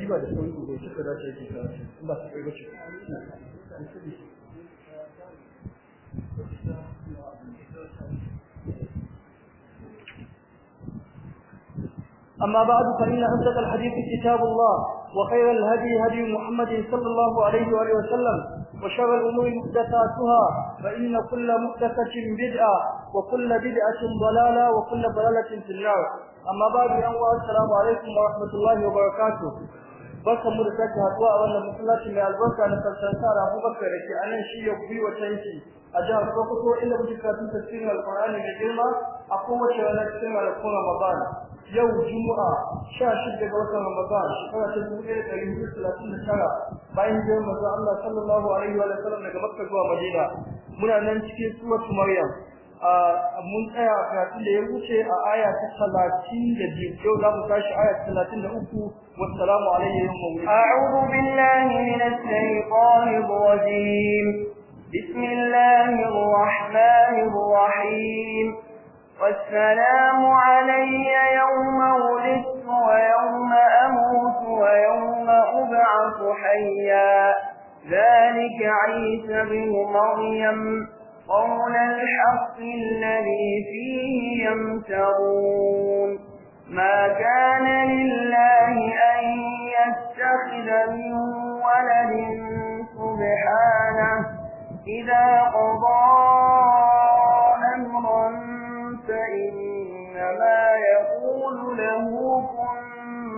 riba da sauri gobe shi ka dace yake tara in ba su kai bace أما بعد فإن أصدق الحديث كتاب الله وخير الهدي هدي محمد صلى الله عليه وآله وسلم وشر الأمور محدثاتها فإن كل محدثة بدعة وكل بدعة ضلالة وكل ضلالة في النار أما بعد أنواع السلام عليكم ورحمة الله وبركاته barkan mu da sake haɗuwa a wannan musulunci mai albarka na karshen sara Abubakar da ke anan shi ya gwiwa tanki a jihar Sokoto inda muke karatun tafsirin Alƙur'ani da girma a kowace ranar cikin ranakun Ramadan yau Juma'a 16 ga watan Ramadan shekara ta tara. bayan jiran manzo Allah sallallahu alaihi wa sallam daga Makka zuwa Madina muna nan cikin suwar Maryam mun tsaya karatun da ya wuce a aya ta talatin da biyu yau za mu tashi aya ta talatin da uku wassalamu alaikum a'udhu billahi minash shaitanir rajim bismillahir rahmanir rahim والسلام علي يوم ولدت ويوم أموت ويوم أبعث حيا ذلك عيسى بن مريم قول الحق الذي فيه يمترون ما كان لله أن يتخذ من ولد سبحانه إذا قضى أمرا فإنما يقول له كن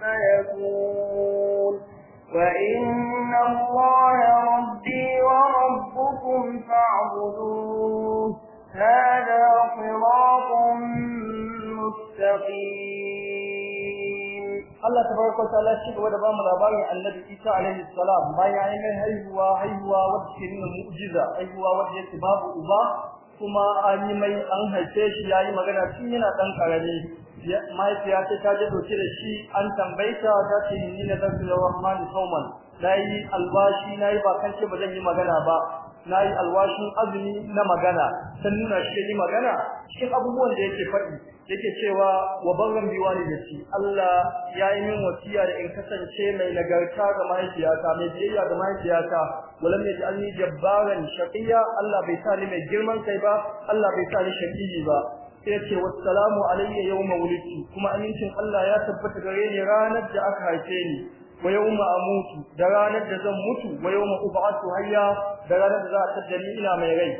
فيكون وإن الله رب وربكم فاعبدوه هذا صراط مستقيم الله تبارك وتعالى شكوى دبام الأباني الذي إيسى عليه السلام ما يعني من هيهوا هيهوا وجه المؤجزة هيهوا وجه اتباب أباه kuma an yi mai an haife shi yayi magana cikin yana dan karami mahaifiya ta ta ji da shi an tambaita ta ce ni ne zan da rahman sauman nayi alwashi nayi ba kan ce ba zan yi magana ba nayi alwashin azumi na magana san nuna shi yi magana cikin abubuwan da yake faɗi yake cewa wa barran bi walidati Allah ya yi min wasiya da in kasance mai nagarta ga mahaifiyata mai biyayya ga mahaifiyata walam yaj'alni jabbaran shaqiya Allah bai sa ni mai girman kai ba Allah bai sa ni shaqiyi ba ya ce wassalamu alayya yawma wulidtu kuma amincin Allah ya tabbata gare ni ranar da aka haife ni wa yawma amutu da ranar da zan mutu wa yawma ub'athu hayya da ranar da za a tada ni ina mai rai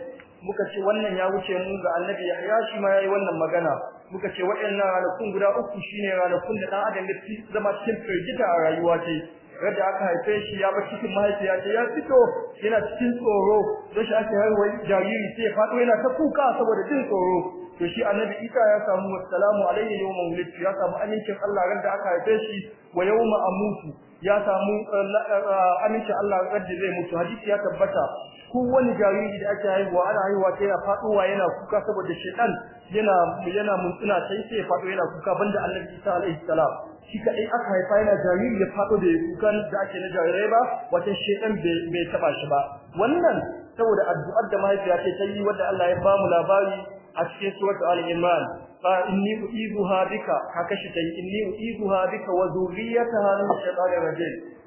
muka ce wannan ya wuce mu ga Annabi Yahya shi ma yayi wannan magana muka ce waɗannan ranakun guda uku shine ranakun da dan adam ya fi zama cikin firgita a rayuwa ce Rada aka haife shi ya bar cikin mahaifiya ya fito yana cikin tsoro don shi ake haihuwa jariri sai ya faɗo yana ta kuka saboda jin tsoro to shi annabi Isa ya samu wassalamu alayhi yawma wulidtu ya samu amincin Allah ran da aka haife shi wa yau amutu ya samu eh, amincin Allah ran da zai mutu hadisi ya tabbata ko wani jariri da ake haihuwa ana haihuwa sai ya faduwa yana kuka saboda shedan yana yana muntsina sai sai fado yana kuka banda annabi Isa alayhi salam shi kadai aka haifa yana jariri ya fado da kukan da ake na jarirai ba wata shedan bai taba shi ba wannan saboda addu'ar da mahaifiya ta yi wadda Allah ya ba labari a cikin surat al-imran fa inni uizuha bika ka kashi tai inni uizuha bika wa zurriyataha min shaytanir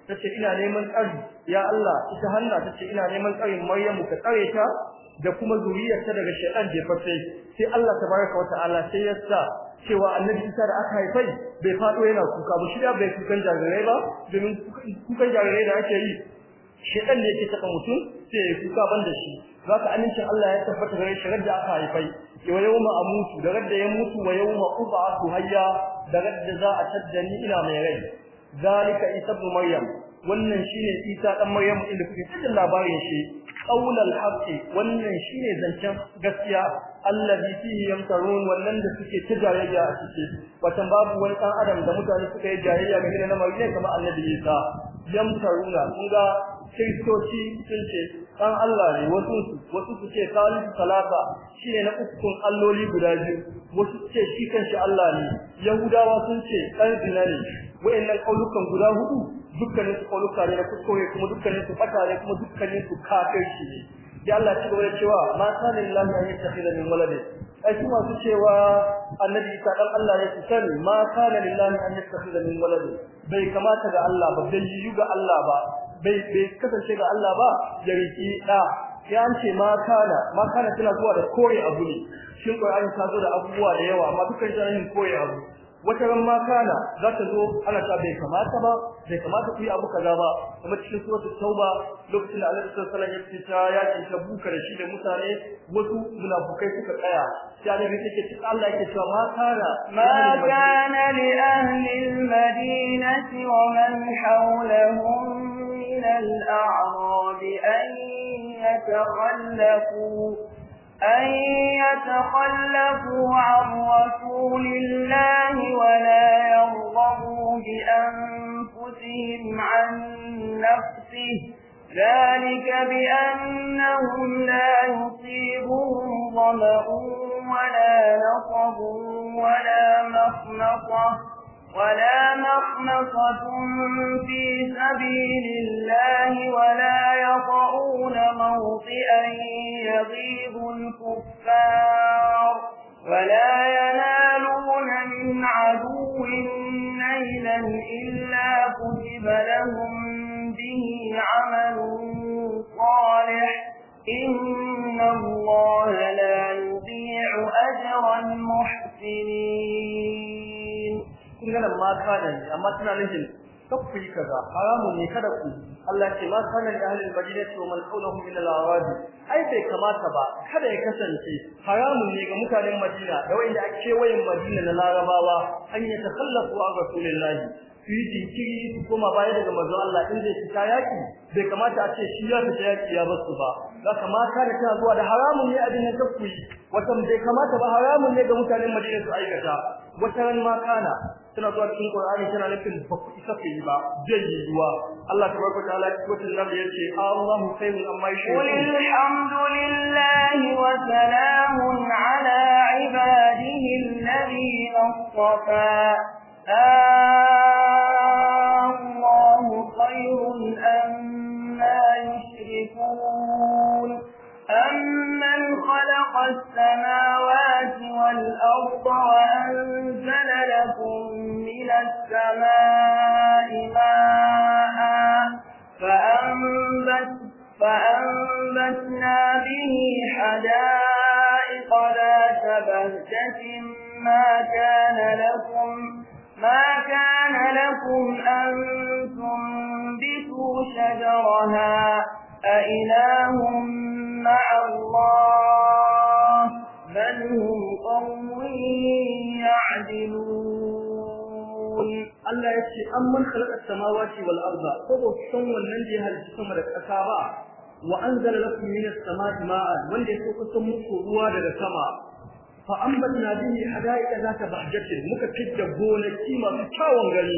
Ta ce ina neman tsari ya Allah ita hanna ce ina neman tsarin Maryamu ka tsare ta da kuma zuriyarta daga shaytan jefafe sai Allah tabaraka wa Allah sai ya sa cewa annabi Isa da aka haifai bai faɗo yana kuka ba shi da bai kukan jarirai ba domin kukan jarirai da ake yi shaytan ne ke saka mutum sai ya kuka da shi ka amince Allah ya tabbata gare shi radda aka haifai wa yawma amutu da radda ya mutu wa yawma ub'athu hayya da radda za a ni ila mai rai zalika isa ibn maryam wannan shine isa dan maryam inda kuke cikin labarin shi qaulal haqqi wannan shine zancen gaskiya allazi fihi yamtarun wannan da suke tijarayya a ciki watan babu wani dan adam da mutane suka yi jayayya game da lamarin kamar annabi isa yamtaruna kun ga kristoci sun ce dan Allah ne wasu wasu su ce kalis salata shine na ukun alloli guda biyu wasu su ce shi kanshi Allah ne yahudawa sun ce dan zina ne wayannan kaulukan guda hudu dukkanin su kauluka ne na kuskure kuma dukkanin su fata ne kuma dukkanin su kafirci ne sai Allah ya gaba da cewa ma kana lillahi an yattakhidha min waladi ai kuma su cewa annabi isa dan Allah ya ce sani ma kana lillahi an yattakhidha min waladi bai kamata ga Allah ba bai yi ga Allah ba bai bai kasance ga Allah ba ya riki da ya ce ma kana ma kana tana zuwa da koyi abu ne shin Qur'ani ta zo da abubuwa da yawa amma dukkan tarihin kore abu wata ran ma kana za ta zo ana ta bai kamata ba bai kamata ku yi abu kaza ba kuma cikin suratul tauba lokacin da Allah sallallahu alaihi wasallam ya ta yakin ta buka da shi da mutane wasu munafukai suka tsaya sai Allah yake ce Allah yake cewa ma kana ma kana li ahli al-madinati wa man hawlahum min al-a'rab an yatakhallaqu أن يتخلفوا عن رسول الله ولا يرضوا بأنفسهم عن نفسه ذلك بأنهم لا يصيبهم ظمأ ولا نصب ولا مخنطة ولا مخمصة في سبيل الله ولا يطعون موطئا يغيب الكفار ولا ينالون من عدو نيلا إلا كتب لهم به عمل صالح إن الله لا يضيع أجر المحسنين kun ga mata ma kana ne amma suna nufin kafu kaza haramun ne kada ku Allah ce masu kana da ahlul madinati wa man hawlahum min al-arad ai bai kamata ba kada ya kasance haramun ne ga mutanen Madina da wanda ake wayin Madina na Larabawa an yi takhallafu a Rasulullahi su yi jinkiri su koma baya daga manzo Allah in zai fita yaki bai kamata a ce shi ya fita yaki ya basu ba za ka mata da kana zuwa da haramun ne abin da ku yi wata bai kamata ba haramun ne ga mutanen Madina su aikata wata ran ma kana tana zuwa cikin Qur'ani tana nufin ba ku isa ku yi ba zai yi ruwa Allah tabaraka ta'ala cikin nan ce. Allahu khairun amma yushrikun alhamdulillahi wa salamun ala ibadihi alladhina آه، الله خير أما يشركون أمن خلق السماوات والأرض وأنزل لكم من السماء ماء فأنبت فأنبتنا به حدائق ذات بهجة ما كان لكم ما كان لكم أن تنبتوا شجرها أإله مع الله بل هم قوم يعدلون الله يشي أمن خلق السماوات والأرض قضوا الشم والمنجها لتسمر الأسابع وأنزل لكم من السماء ماء وانجسوا قسموا قروا للسماء fa ambatna bihi hadaika zaka bahjatin muka fidda gonaki masu kyawun gani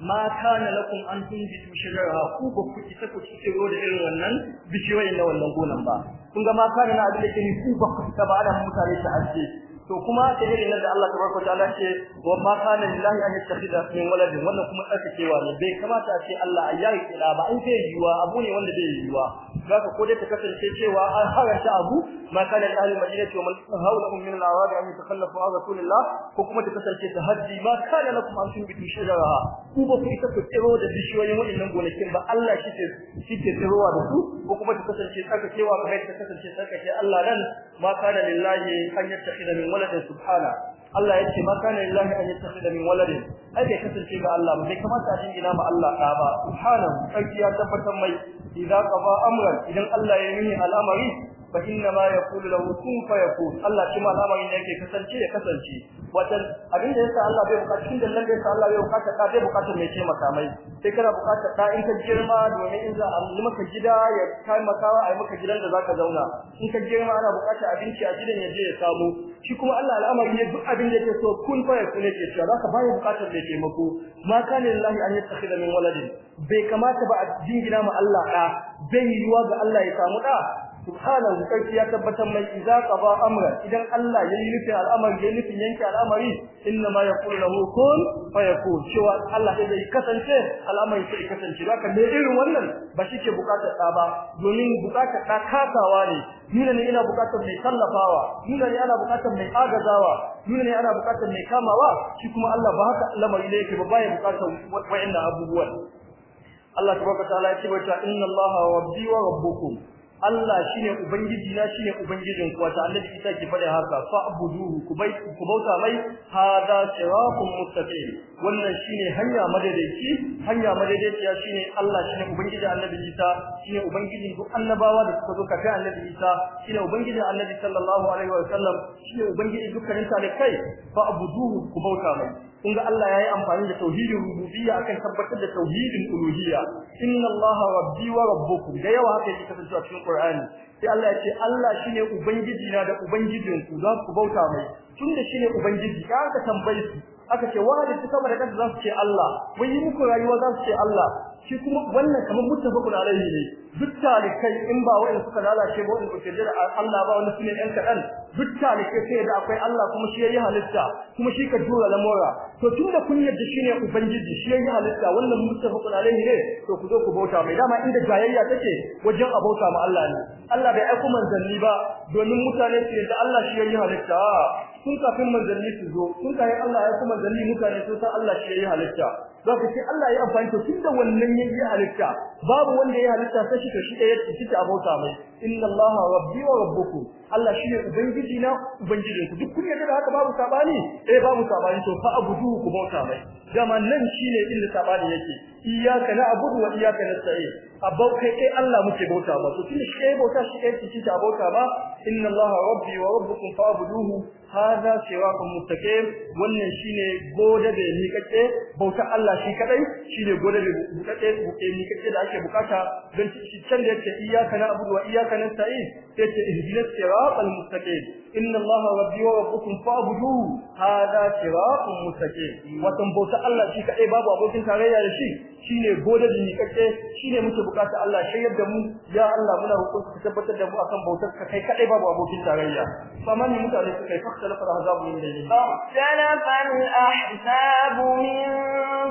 ma kana lakum an tunbitu shajara ku ba ku isa ku tsiro da irin wannan bishiyoyi na wannan gonan ba kun ga ma kana na abin da ke ku ba ku isa ba da mutane ta asiri to kuma ta irin nan da Allah tabaraka ta'ala ce wa ma kana lillahi an yattakhidha min waladin wannan kuma cewa ne bai kamata a ce Allah ayyai kula ba an sai yiwa abu ne wanda bai yiwa zaka ko dai ta kasance cewa an haranta abu ma kana da ahlul madinati wa man hawlahum min al-awadi an yatakhallafu an rasulillah ko kuma ta kasance ta haddi ma kana lakum an tun bitu shajara ku ba ku isa ku tsero da bishiyoyin waɗannan gonakin ba Allah shi ke shi ke tsirowa da su ko kuma ta kasance tsaka cewa kai ta kasance tsaka ce Allah nan ma kana lillahi an yattakhidha min waladin subhana Allah ya ce ma kana lillahi an yattakhidha min waladin ai bai kasance ga Allah ba bai kamata a dingina ma Allah ka ba subhanahu sai ya tabbatar mai idza qada amran idan Allah ya yi al'amari fa inna ma yaqulu lahu kun fayakun Allah shi ma al'amarin yake kasance ya kasance wata abinda yasa Allah bai bukata cikin dallan da yasa Allah bai bukata ka bai bukata mai taimaka mai sai kana bukata ka in ka girma domin in za a yi maka gida ya kai maka ai maka gidan da zaka zauna in ka girma ana bukata abinci a gidan ya je ya samu shi kuma Allah al'amari ne duk abin da yake so kun fa ya kune ke cewa zaka baya bukatar da yake mako ma kana lillahi an yattakhidha min waladin bai kamata ba a jingina ma Allah da bai yiwa ga Allah ya samu da subhanahu sarki ya tabbatar mai idza qada amra idan Allah yayi nufin al'amari yayi nufin yanke al'amari inna ma yaqulu lahu kun fayakun cewa Allah sai zai kasance al'amari sai kasance haka ne irin wannan ba shi ke bukatar da ba domin bukatar da kasawa ne nuna ne ina bukatar mai tallafawa nuna ne ana bukatar mai agazawa nuna ne ana bukatar mai kamawa shi kuma Allah ba haka al'amari ne yake ba baya bukatar wa'annan abubuwan Allah tabaraka ta'ala ya ce wa inna Allaha rabbi wa rabbukum Allah shine ubangiji na shine ubangijin ku wata Allah Isa ke faɗa haka fa abuduhu ku bauta mai hada siratun mustaqim wannan shine hanya madadaici hanya madaidaiciya shine Allah shine ubangiji annabi Isa shine ubangiji duk annabawa da suka zo kafin annabi Isa shine ubangiji annabi sallallahu alaihi wa sallam shine ubangiji dukkanin talikai fa abuduhu ku bauta mai kun ga Allah yayi amfani da tauhidin rububiyya akan tabbatar da tauhidin uluhiyya inna Allaha rabbi wa rabbukum da yawa haka yake kasance a cikin Qur'ani sai Allah ya ce Allah shine ubangiji na da ku za ku bauta mai tunda shine ubangiji ka ka tambaye su aka ce wa halitta sama da kanta za su ce Allah mun yi muku rayuwa za su ce Allah shi kuma wannan kamar muttafaqun alaihi ne duk talikai in ba wanda suka lalace ba wanda jira Allah ba su sune ɗan kaɗan duk talikai sai da akwai Allah kuma shi yayi halitta kuma shi ka jura lamura to tun da kun yadda shi ne ubangiji shi yayi halitta wannan muttafaqun alaihi ne to ku zo ku bauta mai dama inda jayayya take wajen a bauta ma Allah ne Allah bai aiko manzanni ba domin mutane su yadda Allah shi yayi halitta tun kafin manzanni su zo sun kafin Allah ya kuma manzanni mutane sun san Allah shi yayi halitta za ku ce Allah ya amfani to tunda wannan yayi halitta babu wanda ya halitta sai shi shi da yake shi ta abota mai inna Allah rabbi wa rabbukum Allah shi ne ubangiji na ubangiji ku duk kun yarda da haka babu sabani eh babu sabani to fa abudu ku bauta mai dama nan shine inda sabani yake iyyaka na'budu wa iyyaka nasta'in abauka kai Allah muke bauta ba to tunda shi bauta shi kai shi ta bauta ba inna Allah rabbi wa rabbukum fa abuduhu hadha siratun mustaqim wannan shine gode da ni kake bauta Allah Allah shi kadai shine gode da bukate buke ni kake da ake bukata dan shi can da yake iyyaka na'budu wa iyyaka nasta'in yace ihdinas siratal mustaqim inna Allah rabbi wa rabbukum fa'buduhu hada siratal mustaqim watan bauta Allah shi kadai babu abokin tarayya da shi shine gode da kake shine muke bukata Allah shayar da mu ya Allah muna hukunta ka tabbatar da mu akan bautar ka kai kadai babu abokin tarayya faman mutane su kai fakta azabu fara min bainihim salafa al-ahzab min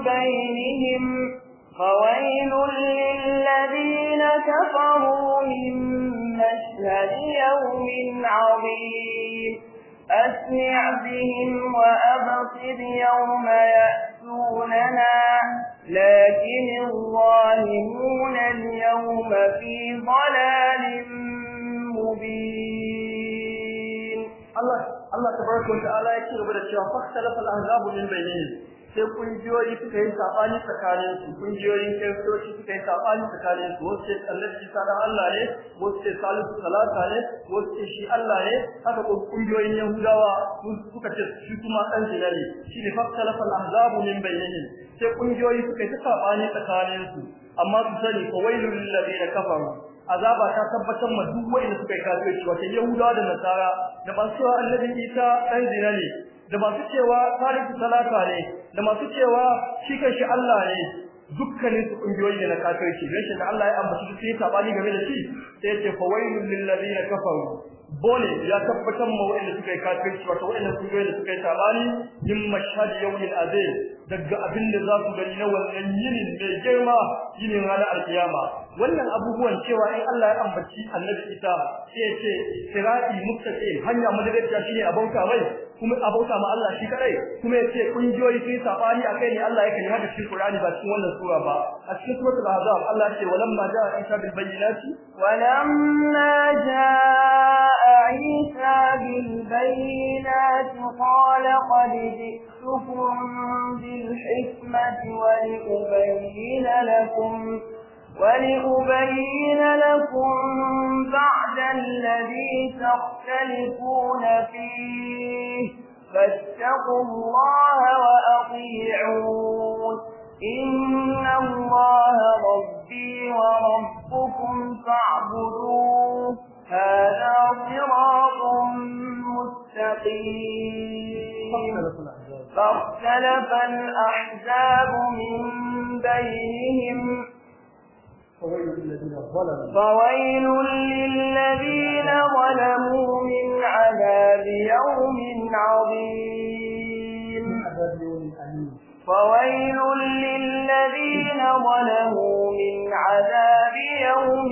bainihim فويل للذين كفروا من مشهد يوم عظيم أسمع بهم وأبصر يوم يأتي دوننا لكن الظالمون اليوم في ضلال مبين الله الله تبارك وتعالى يكتب لك فاختلف الأهزاب من بينهم sai kungiyoyi suka yi sabani tsakanin su kungiyoyin kiristoci suka yi sabani tsakanin su wasu annabi isa da Allah ne wasu salisu salata ne wasu shi Allah ne haka ko kungiyoyin yahudawa suka ce shi kuma dan jina ne shine faktalafa al-ahzabu min bainihim sai kungiyoyi suka yi sabani tsakanin su amma su sani ko wailul lil ladina kafaru azaba ta tabbatar ma duk wanda suka yi kafirci wato yahudawa da nasara da ba su annabi isa dan jina ne da ba su cewa salisu salata ne da masu cewa shi shi Allah ne dukkanin su kungiyoyi ne na kafirci shi da Allah ya ambaci su yi tabani game da shi sai ya ce fawailul lil ladina kafaru bone ya tabbatar ma wa'anda suka yi kafirci wato wa'anda suka yi da suka yi tabani min mashhad yawmil azim daga abin da za su gani na wannan yinin mai girma yinin ranar alkiyama wannan abubuwan cewa in Allah ya ambaci annabi Isa sai ce sirai mustaqim hanya madadda shine abauta mai kuma abauta ma Allah shi kadai kuma ya ce kungiyoyi sai sabani akai ne Allah yake hada cikin Qur'ani ba cikin wannan sura ba a cikin suratul azab Allah ya walamma jaa Isa bil bayyinati walamma jaa Isa bil bayyinati qala qad ji'tukum bil hikmati wa li ubayyana lakum ولأبين لكم بعد الذي تختلفون فيه فاتقوا الله وأطيعون إن الله ربي وربكم فاعبدوه هذا صراط مستقيم فاختلف الأحزاب من بينهم فويل للذين ظلموا من عذاب يوم عظيم فويل للذين ظلموا من عذاب يوم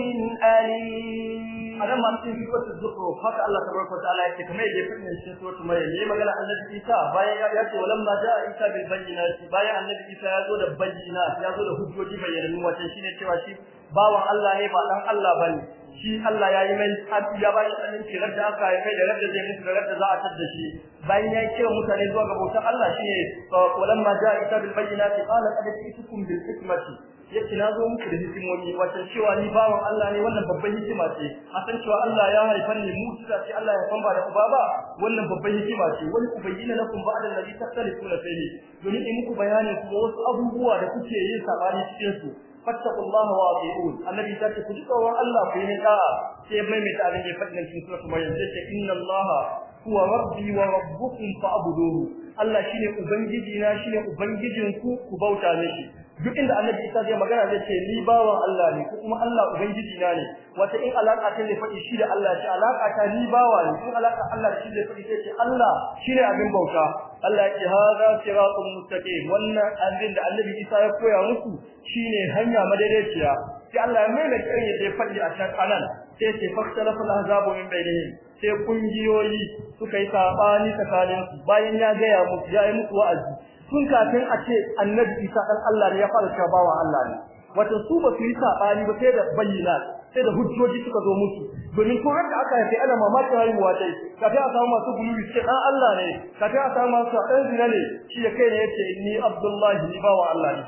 أليم anan ma cikin suratul zukhruf haka Allah tabaraka wa ta'ala yake kamar yadda fadin cikin suratul maryam yayi magana annabi Isa bayan ya ce walamma ja'a Isa bil bayyinati bayan annabi Isa ya zo da bayyinat ya zo da hujjoji bayyanu wace shine cewa shi bawan Allah ne ba dan Allah bane shi Allah ya yi mai tsafi ya bashi sanin ki da aka yi kai da radda zai mutu da radda za a tada shi bayan ya kira mutane zuwa ga bautar Allah shi shine walamma ja'a Isa bil bayyinati qala qad jitukum bil hikmati yake na zo muku da hikimomi wato cewa ni bawan Allah ne wannan babban hikima ce a cewa Allah ya haifar ni musa ce Allah ya ba da uba ba wannan babban hikima ce wani ubayyana lakum ba'da allazi takhtalifuna fihi domin in muku bayanin kuma wasu abubuwa da kuke yin sabani cikin su fattaqullaha wa ati'un annabi ta ce ku ji tsoron Allah ku yi da'a sai mai mai tare da fadin cikin suratul maryam sai ce inna allaha huwa rabbi wa rabbukum fa'buduhu Allah shine ubangiji na shine ubangijinku ku bauta mishi duk inda annabi Isa zai magana zai ce ni bawan Allah ne ko kuma Allah ubangiji na ne wata in alaka ta ne fadi shi da Allah shi alaka ta ni bawa ne in alaka Allah shi da fadi sai Allah Allah shine abin bauta Allah ya ce hada siratul mustaqim wannan abin da annabi Isa ya koya musu shine hanya madaidaiciya sai Allah ya mai da kiran ya fadi a can kanan sai ce faktalafu al-ahzabu min bainihim sai kungiyoyi suka yi sabani tsakanin bayan ya ga ya musu ya yi musu wa'azi tun kafin a ce annabi Isa dan Allah ne ya fara cewa bawa Allah ne wato su ba su yi sabani ba sai da bayyana sai da hujjoji suka zo musu domin ko haka aka yi ana mamaki rayuwa dai kafi a samu masu gulubi ce dan Allah ne kafi a samu masu dan zina ne shi ya kai ne yace inni Abdullahi ni bawa Allah ne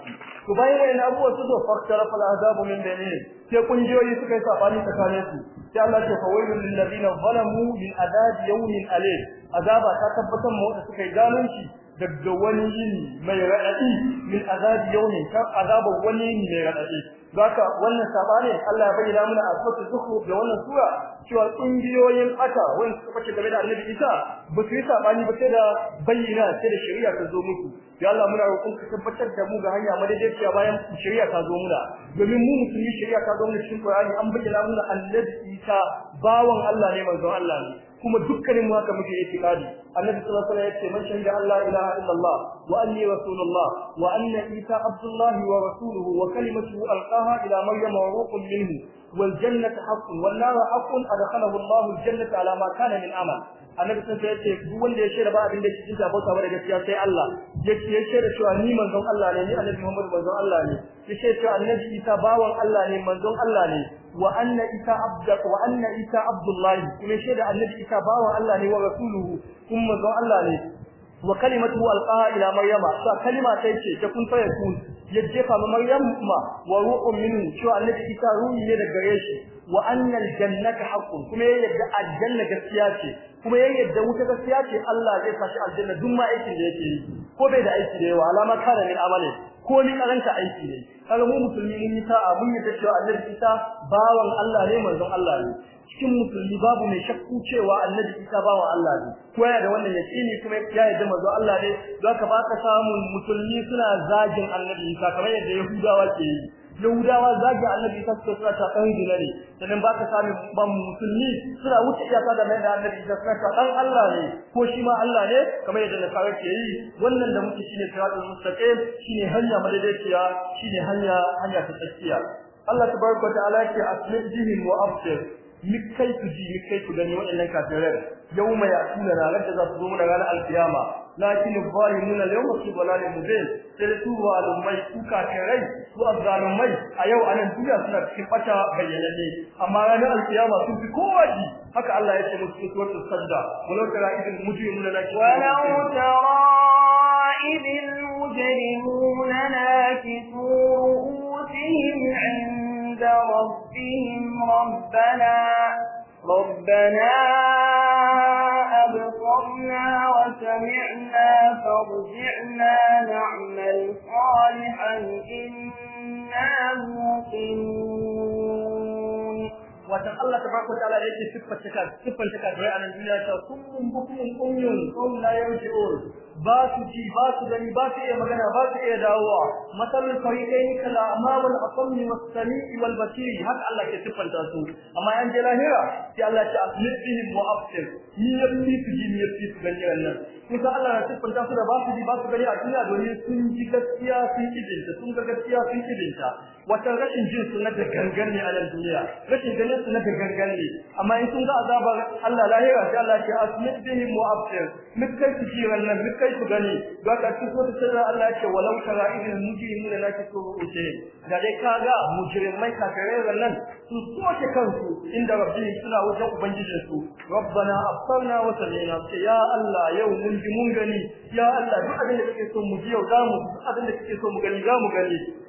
to bayan na abuwa su zo fakkara fal azabu min bayni sai kungiyoyi suka yi sabani tsakanin su sai Allah ya fawailul lil ladina zalamu min adab yawmin alayh azaba ta tabbatar mu da suka yi zalunci daga wani yini mai raɗaɗi min azabi yawmin kar azabar wani mai raɗaɗi zaka wannan ne? Allah ya bayyana mana a suratul zukhruf da wannan sura cewa kungiyoyin aka wani suka fice game da annabi Isa ba su yi ne ba sai da bayyana sai da shari'a ta zo musu ya Allah muna roƙon ka tabbatar da mu ga hanya madaidaiciya bayan shari'a ta zo muna domin mu musulmi shari'a ta zo muna cikin Qur'ani an bayyana mana annabi Isa bawan Allah ne manzon Allah ne kuma dukkanin mu haka muke itikadi annabi sallallahu alaihi wasallam ya ce man shahida Allah ilaha illallah wa anni rasulullah wa anna isa abdullah wa rasuluhu wa kalimatuhu alqaha ila maryam wa ruhun minhu wal jannatu haqqun wan naru haqqun adkhalahu Allah al jannata ala ma kana min amal annabi sallallahu alaihi wasallam ce duk wanda ya shaida ba abin da cikin zabota ba da gaskiya sai Allah ya ce ya shaida cewa ni manzon Allah ne ni annabi Muhammad manzon Allah ne ya ce cewa annabi isa bawan Allah ne manzon Allah ne wa anna isa abdaka wa anna isa abdullahi kuma shaida annabi isa bawan Allah ne wa rasuluhu kuma kun manzon Allah ne wa kalimatu alqa ila maryama sa kalima sai ce ta kun faya ku ya jefa ma maryam ma wa ru'un min Allah annabi ta ruhi ne daga gare shi wa anna aljannata haqqun kuma yayin yadda aljanna gaskiya ce kuma yayin yadda wuta gaskiya ce Allah zai fashi aljanna duk ma aikin da yake yi ko bai da aiki da yawa alama kare ne amale. ko ni karanta aiki ne kaga mu musulmi mun yi sa'a mun yadda cewa annabi Isa bawan Allah ne manzon Allah ne cikin musulmi babu mai shakku cewa annabi Isa bawan Allah ne ko ya da wannan ne kuma ya yadda manzon Allah ne zaka baka samun musulmi suna zagin annabi Isa kamar yadda Yahudawa ke yi yahudawa zagi annabi isa suka suna ta dan dinare sannan ba ka sami ban musulmi suna wuce iyaka da mai da annabi isa dan Allah ne ko shi ma Allah ne kamar yadda nasara ke yi wannan da muke shine siratul mustaqim shine hanya madaidaiciya shine hanya hanya ta tsakiya Allah tabaraka wa ta'ala ke ce asmi bihim wa absir mikai tuji mikai ku gani waɗannan kafirai يوم يأتينا نغدى زمنا على القيامة لكن الظالمون اليوم في ظلال مبين سلتوا على المي كوكا كغي وأبدال المي أيو أن الدنيا سنك كفتا بيناني أما أنا القيامة سوف كواجي حكا الله يسمى سورة السجدة ولو ترى إذ المجرمون ناكي ولو ترى إذ المجرمون ناكي رؤوسهم عند ربهم ربنا ربنا أبصرنا وسمعنا فارجعنا نعمل صالحا إنا موقنون watan Allah ta ta'ala yake ta ka siffanta ka dai anan duniya ta kullum bukum umyun qum la yarji'un ba su ji ba su gani ba su iya magana ba su iya dawowa masalul fariqain kala amamul asmi was sami'i wal basir haka Allah ke siffanta su amma yan lahira sai Allah ta asmihim wa absir ni yafi su ji ni yafi su gani wannan kusa Allah ya siffanta su da ba su ji ba su gani a duniya domin sun ji gaskiya sun kidinta sun ga gaskiya sun kidinta wata rashin jin sun da gangar ne a nan duniya rashin ganin na ne amma in sun ga azabar Allah lahira sai Allah ce asmi mu wa absir mukai su nan wannan mukai gani don ka ci so ta Allah ce walau tara idil mujrimuna la tasuru uce da dai kaga mujrimai ran nan su soke kansu inda rabbi suna wajen ubangijin su rabbana absarna wa sami'na ya Allah yau mun ji mun gani ya Allah duk abin da kake so mu ji yau za mu abin da kake so mu gani za mu gani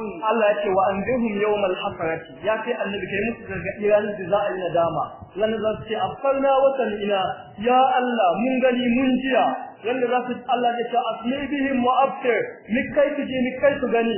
Allah ya ce wa anzirhum yawmal hasrati ya ce annabi kai musu gargadi ranar da za a yi nadama ranar za su ce afarna watan ina ya Allah mun gani mun jiya ranar za su Allah ya ce asmi bihim wa abtir ni kai su je ni kai su gani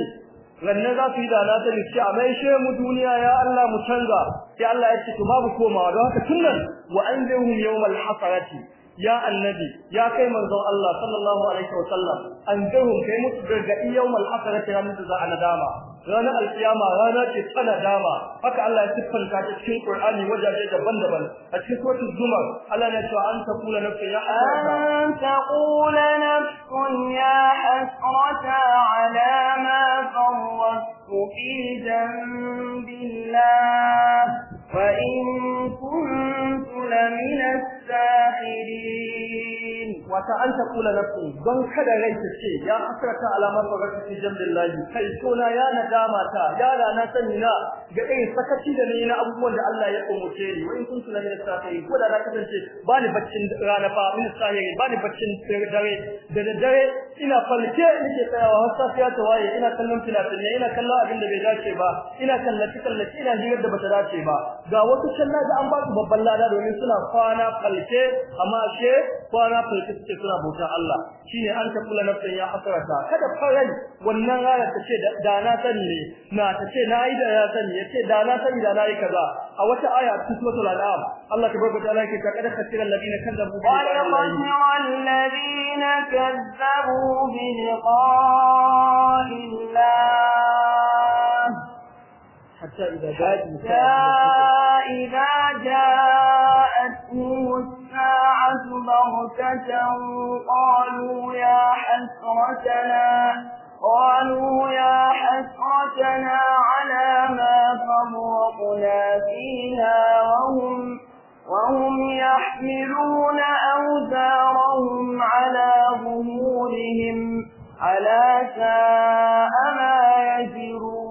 ranar za su yi dana ta ce a mai she mu duniya ya Allah mu canza sai Allah ya ce to babu komawa don haka tunan wa wa anzirhum yawmal hasrati يا النبي يا كي من ذو الله صلى الله عليه وسلم أنجهم كي متبرد أي يوم الحسرة يا تزاع نداما غانا القيامة غانا تتنى داما فك الله يتفن كاك اتشين قرآن وجه جيدا بندبن اتشين الزمر ألا نشوى أن تقول نفس يا حسرة أن تقول نفس يا حسرة على ما فرست في جنب الله وإن كنت لمن السلام الساحرين وتأن تقول نفس دون كذا ليس شيء يا حسرة على ما فقدت في جنب الله كي سونا يا ندامة يا لا نسنينا جئي سكتي دنينا أبو وند الله يقوم تيري وإن كنت ko da ولا لا ba ni baccin rana fa min sahiri ni baccin dare da dare ina falke nake tsayawa har safiya ta waye ina kallon fina-finai, ina kallon abin da bai dace ba ina kallaci kallaci ina hirar da bata dace ba ga wasu na da an ba su babban lada domin suna kwana falke amma she kwana falke suke suna bautar Allah shine an ta kula nafsin ya hasarata kada farai wannan ayar ta ce da na sani ne na ta ce na yi da ya sani yace da na sani da na yi kaza a wata aya ta suratul al-an'am Allah tabaraka ta'ala yake ta kada khasiran ladina kazzabu bi alladina kazzabu bi liqa'illah حتى إذا جاءت إذا جاء جاءتهم الساعة بغتة قالوا يا حسرتنا قالوا يا حسرتنا على ما فرقنا فيها وهم وهم يحملون أوزارهم على ظهورهم على ساء ما يجرون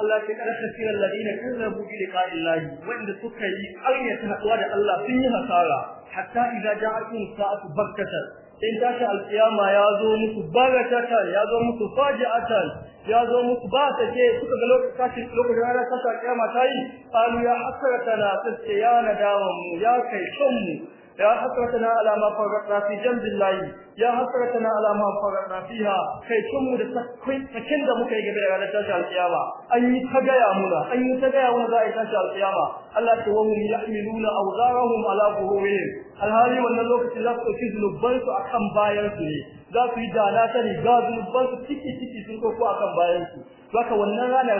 Allah ya kada tafsirar ladina da bi liqa'illahi wanda suka yi ƙarya haɗuwa da Allah sun yi hasara hatta idza ja'atun sa'atu bakkatan in tashi alkiyama ya zo musu bagatatan ya zo musu faji'atan ya zo musu ba ta ke suka ga lokacin lokacin ranar ta alƙiyama ta yi qalu ya na sai ya nadawa mu ya kai son mu يا حسرتنا على ما فرطنا في جنب الله يا حسرتنا على ما فرطنا فيها kai tun mu da sakin da muka yi game da ranar tashi alkiyama an yi ta gaya muna an yi ta gaya muna za a yi tashi alkiyama Allah ta wa hum ya'miluna awzarahum ala zuhurihim alhali wannan lokacin za su ɗauki zunuban su akan bayan su ne za su yi dana ta riga zunuban su ciki ciki sun ɗauko akan bayan su saka wannan rana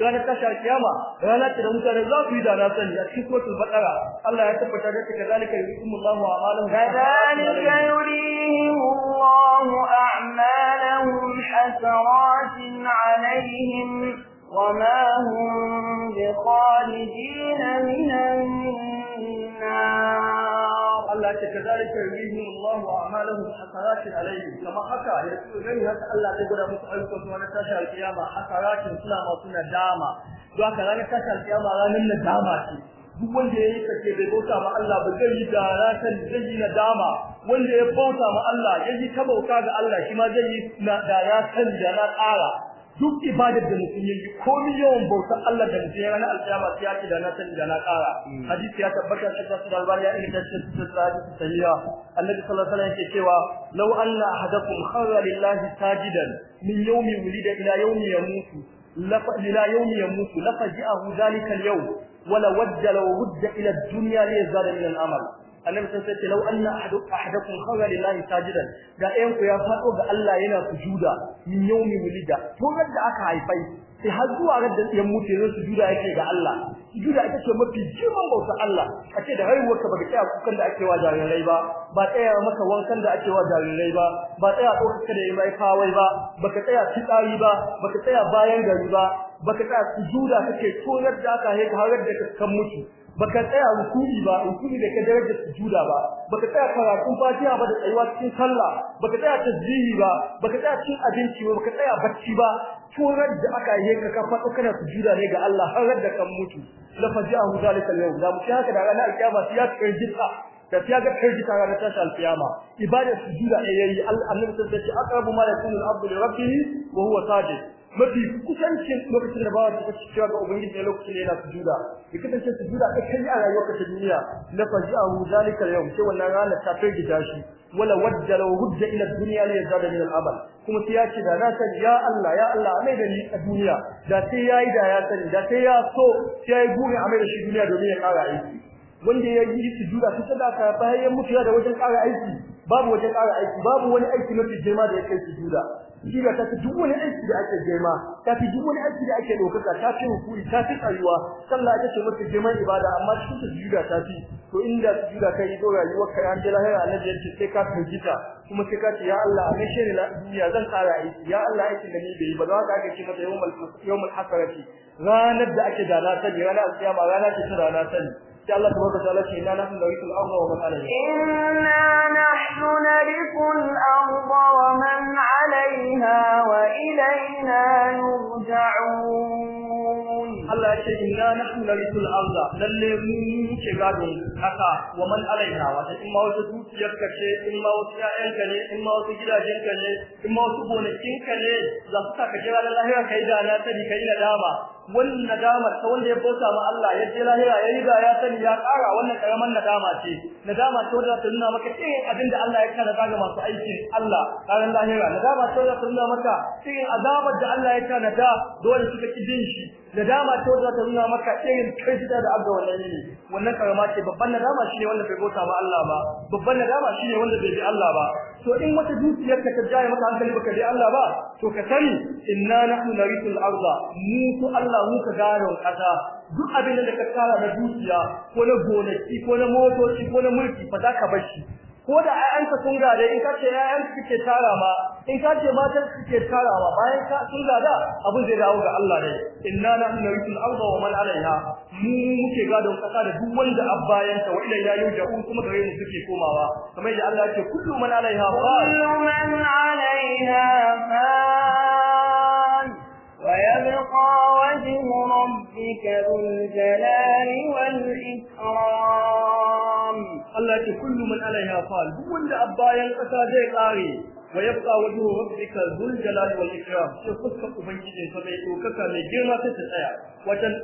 ranar tashar kiyama rana ta da mutane za su yi da na sani a cikin suratul baqara Allah ya tabbata da ta kazalika yurikumullahu a'malahum kazalika yurihimullahu a'malahum hasaratin 'alayhim wa ma hum biqalidin minan Allah ta kazalika yuhihim Allahu a'malahum hasaratin alaihim kama haka ya so gani haka Allah zai gura musu ayyukan su na tashi alkiyama hasaratin suna masu nadama don haka ranar tashi alkiyama ranar nadama ce duk wanda ya yi kace bai bauta ma Allah ba zai yi gara kan zai yi nadama wanda ya bauta ma Allah ya yi ta bauta ga Allah shi ma zai yi na gara da na ƙara duk ibadar da mutum yayi ko yawan bautar Allah da mutum yana alƙiyama sai ya ce da na sani da na ƙara mm. hadisi ya tabbata a cikin sura al da in ta ce sura sahiya annabi sallallahu alaihi wasallam yake cewa law anna ahadakum khara lillahi sajidan min yawmi wulida ila yawmi yamutu lafa ila yawmi yamutu lafa ja'ahu dhalika al-yawm wala wajja law ila ad-dunya li yazada min al-amal annabi sun ce law anna ahadakum khala lillahi sajidan da ayan ku ya faɗo ga Allah yana sujuda min yawmi wulida to da aka haifai sai har zuwa ran da ya mutu yana sujuda yake ga Allah sujuda ita ce mafi girman bauta Allah a ce da haihuwar ka baka tsaya kukan da ake wa jarirai ba ba tsaya maka wankan da ake wa jarirai ba ba tsaya ɗaukaka da mai kawai ba baka tsaya fitsari ba baka tsaya bayan gari ba baka tsaya sujuda kake tonar da aka haifai har da ka kan mutu baka tsaya rukuni ba rukuni da ka darajar sujuda ba baka tsaya karatun fatiha ba da tsayuwa cikin sallah baka tsaya tasbihi ba baka tsaya cin abinci ba baka tsaya bacci ba turar da aka yi ka kafa kana sujuda ne ga Allah har da kan mutu la faji'ahu zalika yau da mutu haka da ranar alkiyama sai ya kirjita da sai ga kirjita ranar tashal kiyama ibadar sujuda ne yayi Allah annabi sai ya ce aqrabu ma yakunu al-abdu li wa huwa sajid mafi kusancin lokacin da bawa ta ci cewa ga ubangiji ne lokacin da yana sujuda ya kasance sujuda ta kai a rayuwar ta duniya la faji'ahu zalika yau sai wannan ranar ta kai gida shi wala wadda law hujja ila dunya la yazada min al-amal kuma sai ya ce da na san ya Allah ya Allah amai da ni a duniya da sai yayi da ya sani da sai ya so sai ya gure amai da shi duniya domin ya kara aiki wanda ya yi sujuda ta sadaka bayan mutuwa da wajen kara aiki babu wajen kara aiki babu wani aiki mafi girma da ya kai sujuda jiga ta duk wani aiki da ake jema ta duk wani aiki da ake dokaka ta fi hukuri ta fi tsayuwa sallah ake ce mata ibada amma cikin ta jiga ta to inda jiga ka yi dora yi wakka an jira Allah ya ce sai ka tujita kuma sai ka ce ya Allah a mishe ni duniya zan tsara aiki ya Allah aiki da ni bai ba za ka ga shi mata yau mal hasarati ranar da ake da na sani ranar alkiyama rana ce ta rana sani sai Allah tabaraka ta'ala ce inna nahnu narithul arda wa man 'alayha inna nahnu narithul arda wa man 'alayha wa ilayna yurja'un Allah ya ce inna nahnu narithul arda lalle mun ce gadon haka wa man 'alayha wa in ma wata dukiyar ka ce in ma wasu ƴaƴanka ne in ma wasu gidajenka ne in ma wasu gonakinka ne za su saka jira lahira ka yi dana sani ka yi nadama wannan nadamar ta wanda ya bauta ma Allah ya je lahira ya riga ya sani ya kara wannan karaman nadama ce nadama ce wanda ta nuna maka irin abin da Allah ya kada ga masu aiki Allah ranar lahira nadama ce wanda ta nuna maka irin azabar da Allah ya kada da dole suka ki bin shi nadama ce wanda ta nuna maka irin kaida da Allah wannan ne wannan karama ce babban nadama shine wanda bai bauta ma Allah ba babban nadama shine wanda bai bi Allah ba to in wata dukiyar ka ta jaye maka hankali baka je Allah ba to ka sani inna nahnu al-ardha mu ko Allah mu ka garo kasa duk abin da ka tara na dukiya ko na gonaki ko na motoci ko na mulki fa za ka bar shi ko da ayanka sun gada in kace ayan suke tara ma in kace matar suke tara ma bayan ka sun gada abin zai dawo ga Allah ne inna nahnu narithul arda wa man alaiha mu muke gadon kasa da duk wanda abbayan ta wa ilayya yujun kuma gare mu suke komawa kamar yadda Allah yake kullu man alaiha fan kullu man alaiha fan wa yabqa wajhu rabbika dhul jalali wal ikram Allah ce kullu man alaiha fa'al duk wanda abbayan kasa zai kare wa yabqa wajhu rabbika dhul jalali wal ikram sai fuskar ubangiji sa mai dokaka mai girma ta tsaya wajen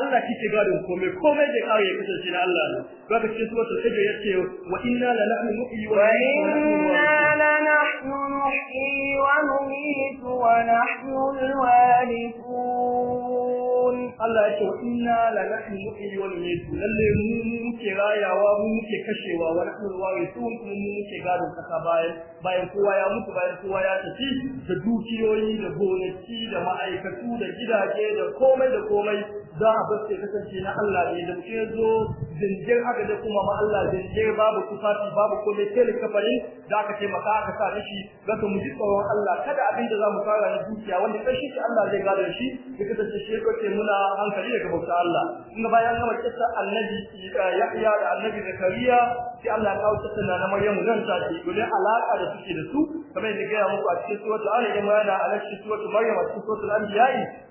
Allah kike gadin komai komai da kare ya kasance da Allah ne kaga cikin suratul hijr yace wa inna la nahnu nuhyi wa inna la nahnu nuhyi wa numitu wa nahnu al-warithun Allah ya ce wa inna la nahnu nuhyi wa numiitu lalle mu muke rayawa mu muke kashewa wa nahnu al-warithun mu muke gadon kasa bayan bayan kowa ya mutu bayan kowa ya tafi da dukiyoyi da gonaki da ma'aikatu da gidaje da komai da komai za a bar sai kasance na Allah ne da ke zo zinjir haka da kuma ma Allah zinjir babu kufafi babu komai sai da kafarin da aka taimaka aka sa shi, ga mu ji tsoron Allah kada abin da za mu fara na dukiya wanda kashi Allah zai gada shi ya kasance shi nuna hankali daga bauta Allah In ga bayan gama kissa annabi eh, Yahya da annabi Zakariya sai Allah ya kawo kissa na Maryam nan ta shi dole alaka da suke da su kamar yadda ga muku a cikin suratul Ali Imran a cikin suratul Maryam a cikin suratul Anbiya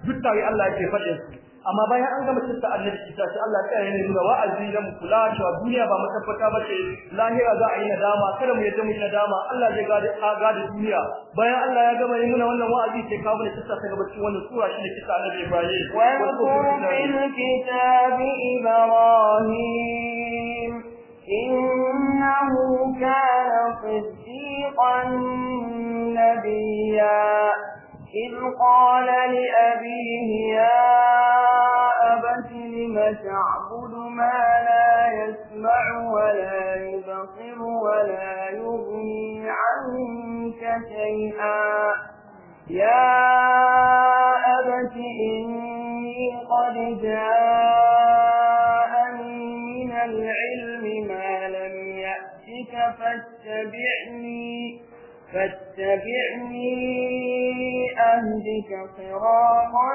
duk tare Allah ke faɗin su amma bayan an gama tsitsa annabi Isa sai Allah ya yi nuna wa'azi da mu kula cewa duniya ba matabbata ba ce lahira za a yi nadama kada mu yadda mu yi nadama Allah zai aga da duniya bayan Allah ya gama yi nuna wannan wa'azi sai kawo da kisa ta gaba cikin wannan sura shi ne kisa annabi Ibrahim wa yaqulu fil kitabi Ibrahim innahu kana siddiqan nabiyyan إذ قال لأبيه يا أبت لم تعبد ما لا يسمع ولا يبصر ولا يغني عنك شيئا يا أبت إني قد جاءني من العلم ما لم يأتك فاتبعني فاتبعني أهدك صراطا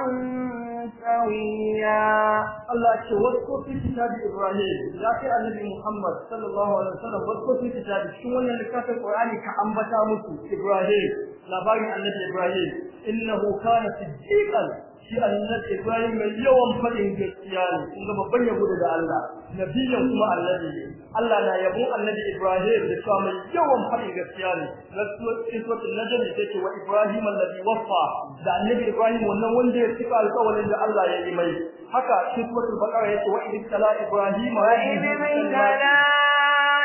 سويا الله واذكر في كتاب إبراهيم ذاك النبي محمد صلى الله عليه وسلم واذكر في كتاب شو أن لكتاب القرآن كأنبتا مسو إبراهيم labarin annabi Ibrahim innahu kana siddiqan shi annabi Ibrahim mai yawan fadin gaskiya ne kun ga babban yabo da Allah nabiyan kuma annabi ne Allah na yabo annabi Ibrahim da cewa mai yawan faɗin gaskiya ne rasul suratul najm take wa Ibrahim alladhi waffa da annabi Ibrahim wannan wanda ya cika alƙawarin da Allah ya yi mai haka suratul baqara yake wa idh tala Ibrahim wa idh tala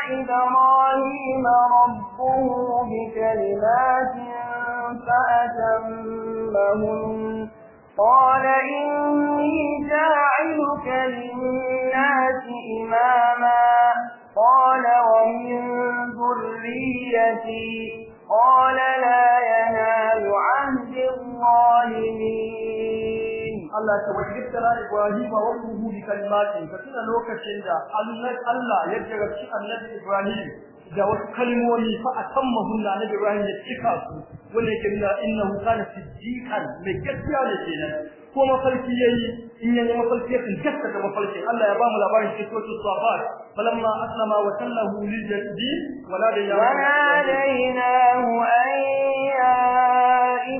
إبراهيم ربه بكلمات فأتمهن قال إني جاعلك للناس إماما قال ومن ذريتي قال لا ينال عهد الظالمين الله توجد ترى إبراهيم وأمه بكلماته فكنا لوكا شندا الله يجرب شيئا النبي إبراهيم da wasu kalmomi fa atammahunna annabi Ibrahim ya cika su wanda yake nuna innahu kana siddiqan mai gaskiya ne kenan ko mafarki yayi in ya yi mafarki kan gaskata mafarki Allah ya ba mu labarin cikin suratul safat falamma aslama wa sallahu lil jaddi wa ladaynahu an ya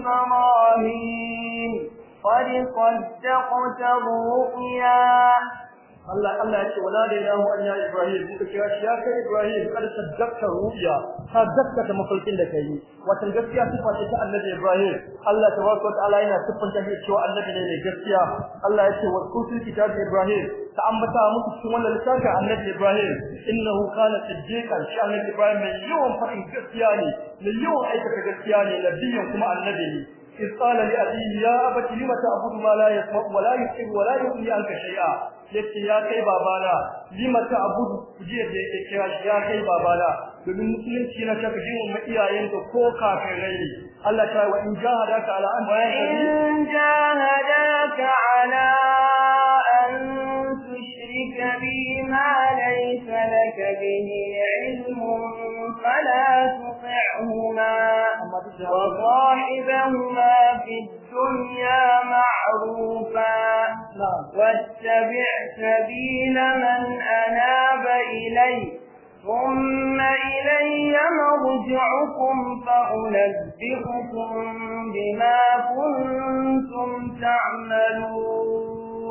ibrahim qad saddaqta ru'ya Allah Allah ya ce wala da ilahu an ya Ibrahim muka kira shi ya kai Ibrahim kada saddaqta ruya ka gaskata da kai wata gaskiya sifa ce ta Annabi Ibrahim Allah tabaraka wa ta'ala yana siffanta shi cewa Annabi ne mai gaskiya Allah ya ce wa kutul kitab Ibrahim ta ambata muku cikin wannan littafin Annabi Ibrahim innahu kana siddiqan shi Annabi Ibrahim mai yawan faɗin gaskiya ne mai yawan aikata gaskiya ne nabiyin kuma annabi ne إذ قال لأبيه يا أبت لم تعبد ما لا يسمع ولا يسمع ولا يغني عنك شيئا yace ya kai babana limata abudu kuje da yake kira shi ya kai babana domin musulunci yana ta kujin mu iyayen da ko kafirai ne Allah ta wa in jahadaka ala an in jahadaka ala an tushrika bima laysa laka bihi ilm فلا تطعهما وصاحبهما في الدنيا معروفا نعم. واتبع سبيل من أناب إليه ثم إلي مرجعكم فأنبئكم بما كنتم تعملون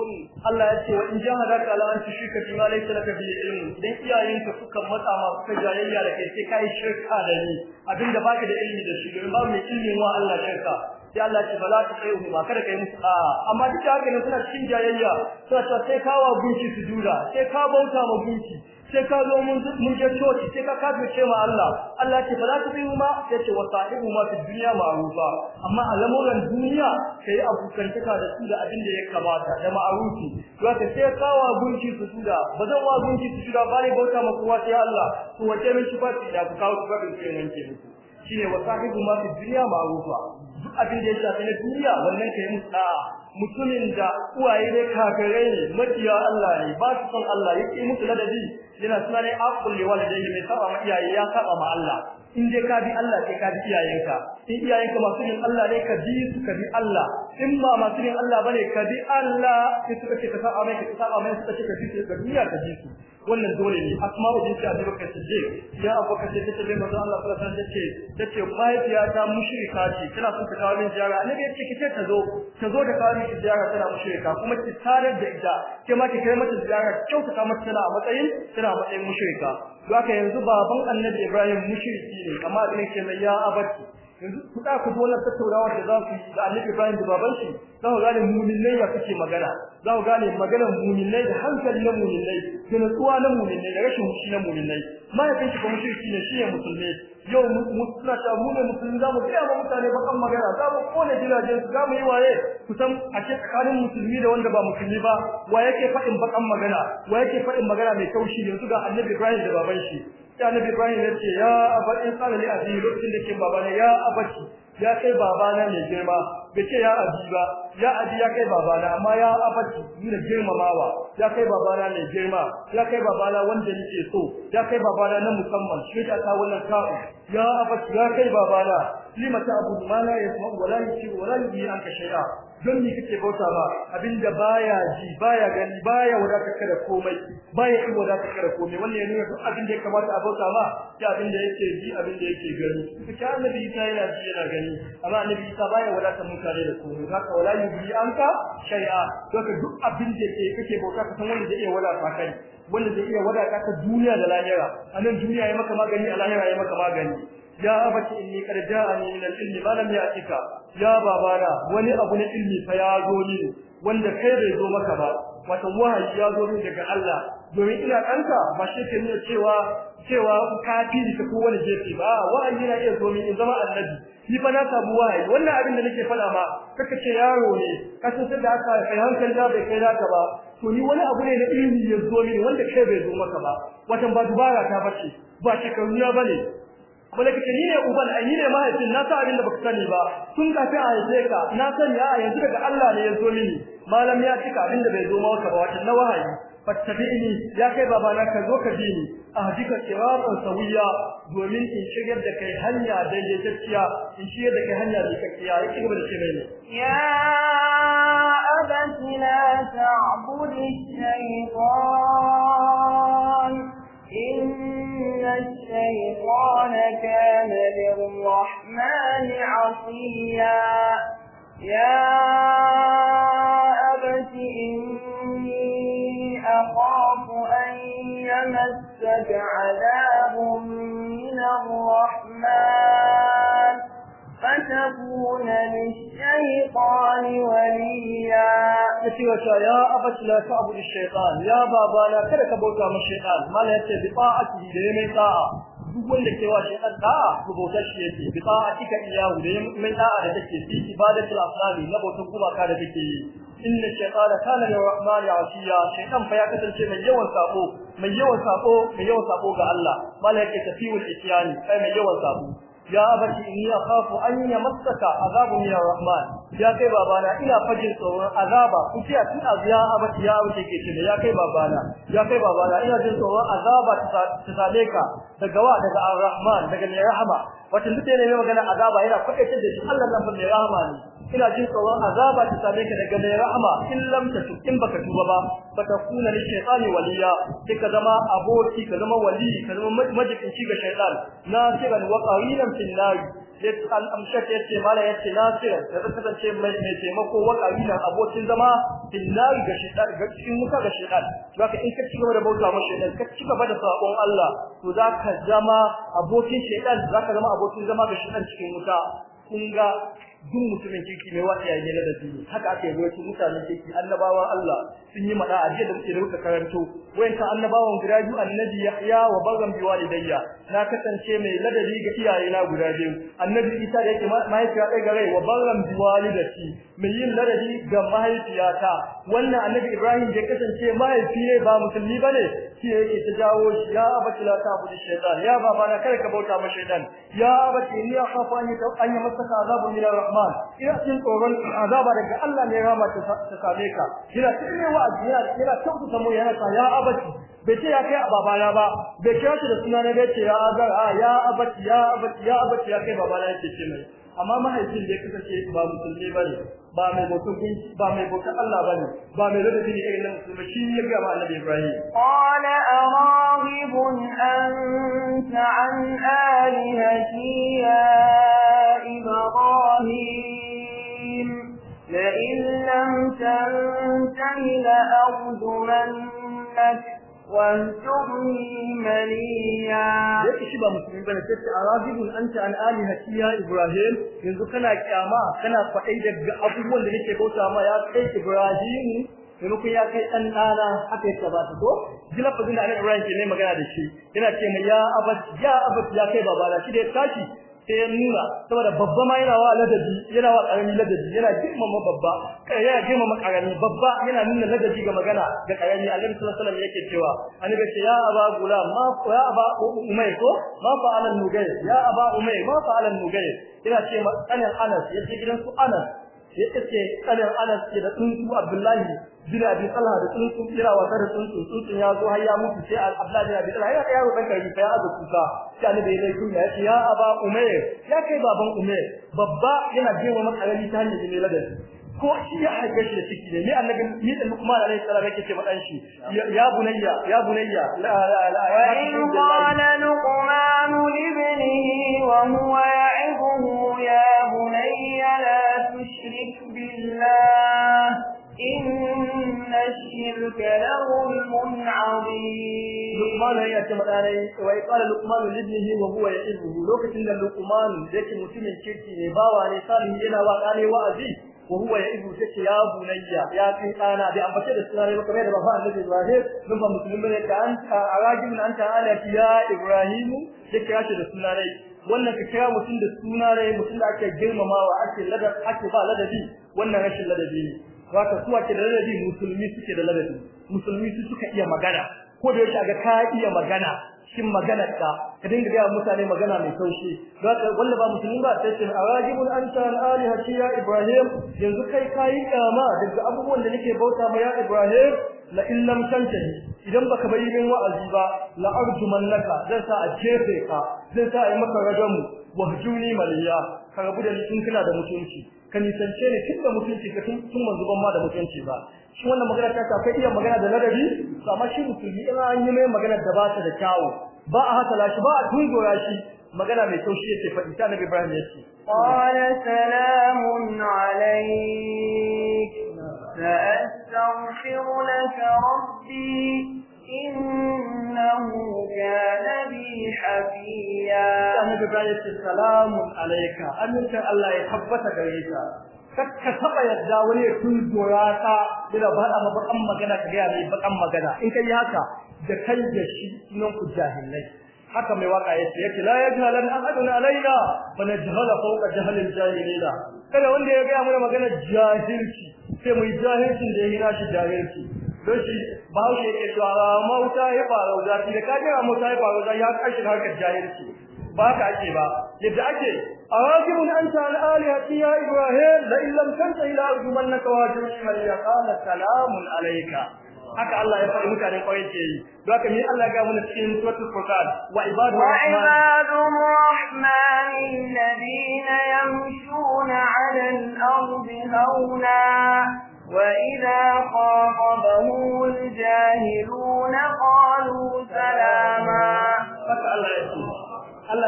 yaqulun Allah ya ce wa in jahadaka shi ka tushrika malai ta laka bihi ilmun dan ka suka matsa ma suka jayayya da kai sai kai shirka da ni abinda baka da ilmi da shi don ba mai ilmin wa Allah shirka sai Allah ce bala ta kai huma kada kai musu a amma duk haka ne suna cikin jayayya suna ta sai kawa gunki dura, sai ka bauta ma gunki sai ka zo mun je coci sai ka ce ma Allah Allah ce za ka tubihu ma ce wa sahibu ma fi dunya ma'rufa amma a lamuran duniya a abokantaka da su da abin da ya kamata da ma'rufi to ka sai ka wa gunki su ba zan wa gunki su ba bare bauta ma kowa sai Allah to wace min shi fati da ku kawo ku ga nan ke shine wa sahibu ma fi dunya ma'rufa duk abin da ya shafi na duniya wannan kai musu da'a mutumin da uwaye ne kafirai ne makiya Allah ne ba su son Allah yake musu ladabi yana suna ne aqul li walidayhi mai saba ma iyaye ya saba ma Allah in dai ka bi Allah sai ka bi iyayenka in iyayenka masu yin Allah ne ka bi su ka bi Allah in ba masu yin Allah bane ka bi Allah sai suka ce ka saba mai ka saba mai suka ce ka bi ga duniya ka ji wannan dole ne asma'u binti abi bakar siddiq ya abubakar sai ta ce manzo Allah sallallahu alaihi wasallam ta ce mahaifiya ta mushrika ce tana son ta kawo min jara annabi ya ce ki ce ta zo ta zo da kawo min jara tana mushrika kuma ki tarar da ita ke ma ki kai mata jara kyauta ta mata tana a matsayin tana a matsayin mushrika to haka yanzu baban annabi Ibrahim mushriki ne amma abin ke mai ya abati yanzu ku da ku tattaunawa da za su da Annabi Ibrahim da baban shi za ku gane mu'minai ya kuke magana za ku gane maganar mu'minai da hankali na mu'minai da nutsuwa na mu'minai da rashin mushi na mu'minai ma ya kanki ba mushriki ne shi ne musulmi yau musulma ta mu ne musulmi za mu ga ba mutane ba kan magana za mu kone gidajen su za mu yi waye ku san a cikin musulmi da wanda ba musulmi ba wa yake faɗin kan magana wa yake faɗin magana mai taushi yanzu ga Annabi Ibrahim da baban shi sai annabi Ibrahim ya ce ya aba in qala li abi lokacin da ke babana ya abaci ya kai babana mai girma bai ce ya abi ba ya abi ya kai babana amma ya abaci da girmamawa ya kai babana mai girma ya kai babana wanda nake so ya kai babana na musamman shi da ta wannan ka'u ya abaci ya kai babana lima ta abu mala ya yasma wala yusi wala an anka shay'a don ni kake bauta ba abinda baya ji baya gani baya wadata kada komai baya yi wadata kada komai wannan ya nuna duk abinda ya kamata a bauta ba sai abinda yake ji abinda yake gani kace annabi ta yana ji yana gani amma annabi Isa baya wadata mutane da komai haka wala yubi anka shay'a ka duk abinda yake kake bauta ka san wanda zai iya wadata kai wanda zai iya wadata ka duniya da lahira anan duniya ya maka magani a lahira ya maka magani ya abati inni qad ja'ani min al-ilmi ma lam ya'tika ya babana wani abu na ilmi fa ya zo ni wanda kai bai zo maka ba wato wahayi ya zo ni daga Allah domin ina ɗanka ba shi ke nuna cewa cewa kafiri ta wani jefi ba wahayi na iya zo min in zama annabi ni fa na samu wahayi wannan abin da nake faɗa ma kaka ce yaro ne ka san da aka kai hankali da bai kai naka ba to ni wani abu ne na ilmi ya zo min wanda kai bai zo maka ba wato ba dubara ta bace ba shekaru na bane malaka ni ne uban ai ni ne mahaifin na sa abin da baka sani ba tun kafin a haife ka na sani a yanzu daga Allah ne ya zo mini malam ya cika abin da bai zo maka ba wata na wahayi fattabi'ni ya kai babana ka zo ka bi ni ahdika siratan sawiya domin in shigar da kai hanya daidaitacciya in shigar da kai hanya daidaitacciya ya cigaba da cewa ne ya abati la ta'budi shaytan الشيطان كان للرحمن عصيا يا أبت إني أخاف أن يمسك عذاب من الرحمن فتكون للشيطان ولا cewa ya abati la ta'budu shaytan ya babana kada ka bauta ma shaytan mallan yace bi ta'ati da yayin ta'a duk wanda ke wa shaytan ta'a ku bauta shi yake bi ta'ati ka iyahu da yayin mai ta'a da take fi ibadatul afsali na bautan gumaka da take yi inna shaytana kana lirrahmani asiya shaytan fa ya kasance mai yawan sako mai yawan sako mai yawan sako ga Allah mallan yace kafiul isyani kai mai yawan sako ya abati a akhafu an yamassaka azabun min rahman ya kai babana ina fajin tsoron azaba kuce a tun aziya abati ya wuce ke ce ya kai babana ya kai babana ina jin tsoron azaba ta same ka daga wa daga arrahman daga mai rahama wata dutse ne mai magana azaba yana kwadace da shi Allah nan mai rahama ne ina jin tsoron azaba ta same ka daga mai rahama in lam ta tukin baka tuba ba ta kuna ni shaytani waliya kika zama aboki ka zama wali ka zama majikin shi ga shaytan na sigan wa qawilan fil an amshak yace mala yace tsira da kasance mai mai taimako wa kabilan abokin zama billahi ga shida ga cikin muka ga shida to haka in ka gaba da bauta ma shaytan ka gaba da sabon Allah to zaka zama abokin shaytan zaka zama abokin zama ga shaytan cikin muka kun ga duk mutumin kirki mai wata yayi na da haka ake yi mutanen kirki annabawan Allah sun yi mada a jiya da muke da karanto wayanka annabawan guda biyu annabi Yahya wa bazan bi walidayya na kasance mai ladabi ga iyaye na guda biyu annabi Isa da yake mahaifiya ɗaya ga rai wa bazan bi walidati mai yin ladabi ga mahaifiyata wannan annabi Ibrahim da kasance mahaifi ne ba musulmi bane shi yake ta jawo shi ya abati la ta budi shaytan ya baba na kada ka bauta ma shaytan ya abati ni kafa ni ta an yamsaka azabu min rahman ina jin tsoron azaba daga Allah ne rama ta same ka kira kine wa ajiya kira mu yana ta ya abati bai ce ya kai a babana ba bai kira shi da suna na bai ce ya azar a ya abati ya abati ya abati ya kai babana yake ce mai amma mahaifin da ya kasance ba musulmi bane ba mai mutunci ba mai bautar Allah ba ne, ba mai ladabi ne irin musulmi shi ya gaya ga Annabi Ibrahim qala araghibun anta an alihati ya ibrahim la in lam tantahi la عنك وانتغني منيا yake shi ba musulmi bane sai a razibun anta an alihati ya ibrahim yanzu kana kyama kana kwadai daga abubuwan da nake bauta ma ya kai ibrahim yanzu ya kai dan dana haka yake ba ta ko jilafin da annabi ibrahim ke ne magana da shi yana ce mai ya abad ya ya kai babana shi da tashi sai ya nuna saboda babba ma yana wa ladabi yana wa karami ladabi yana girmama babba kai yana girmama karami babba yana nuna ladabi ga magana ga karami annabi sallallahu alaihi wasallam yake cewa annabi ce ya aba gula ma ya aba umay ko ma alal mugay ya aba umay ma alal mugay ina ce ma anas yake gidan su anas ya kace kanin Anas ke da tsuntsu Abdullahi bin Abi Talha da tsuntsu kira wa da tsuntsu tsuntsun ya zo har ya mutu sai Abdullahi bin Abi Talha ya yaro dan kai sai azu kusa sai da yayi kun ya ce ya aba Umayr ya kai baban Umayr babba yana jewa maka rali ta hanyar ne ladabi ko shi ya haife shi da ciki ne ni annabi ni da Luqman alaihi salam yake ce madan shi ya bunayya ya bunayya la la la ya qala Luqman ibnihi wa huwa ya'ibuhu ya bunayya la بالله إن الشرك لظلم عظيم لقمان هي كما وقال لقمان لابنه وهو يعظه لوكة لقمان ذاك مسلم شركي باوى لسانه إلى وقاله وأزيه wa huwa ya'idu take ya bunayya ya kai dana bi ambace da sunan maka mai da baba annabi Ibrahim mun ba musulmi ne A an arajim an ta'ala ya Ibrahim take ya ce da sunan wannan ka kira mutum da sunan rai mutum da ake girmamawa ake ba ladabi wannan rashin ladabi ne haka su ake da ladabi musulmi suke da ladabi musulmi su suka iya magana ko da yake ga ka iya magana cikin maganar ka ka dinga ga mutane magana mai taushi zaka walla ba musulmi ba sai ce arajibul anta al alihati ya ibrahim yanzu kai kai kama daga abubuwan da nake bauta ma ya ibrahim la in tantahi idan baka bari min wa'azi ba la arjumannaka zan sa a jefe ka zan sa a yi maka ragamu wahjuni maliya ka rabu da in kana da mutunci ka nisance ne tun da mutunci ka tun tun ban ma da mutunci ba shi wannan magana ta ta kai iya magana da ladabi to amma shi mutunci ina an yi mai magana da ba ta da kyawu ba a hasala shi ba a dungora shi magana mai taushi yake faɗi ta Nabi Ibrahim yake qala salamun alayk sa laka rabbi إنه كان بي حفيا كان بقاية السلام Allah ya tabbata يحبت عليك kakka taba yadda wani ya tunzura ta da ba a bakan magana ka gaya mai bakan magana in kai haka da kai da shi nan ku jahilai haka mai waka yace yace la yajhalan ahadun alaina fa najhala fawqa jahlil jahilina kada wanda ya gaya mana magana jahilci sai mu jahilcin da yana shi jahilci don shi ba shi yake cewa mauta ya fara da shi da kaje mauta ya fara da ya kashi harkar jahilci ba ka ake ba yadda ake awajibun anta al alihati ya ibrahim la illam tanta ila arjumannaka wajibun man yaqala salamun alayka haka Allah ya faɗi mutanen ƙauye ke yi don haka ni Allah ya ga mana cikin suratul furqan wa ibadur rahman wa ibadur rahman alladhina yamshuna 'ala al-ardi hawna wa idha khaf خاطبه الجاهلون قالوا سلاما فسأل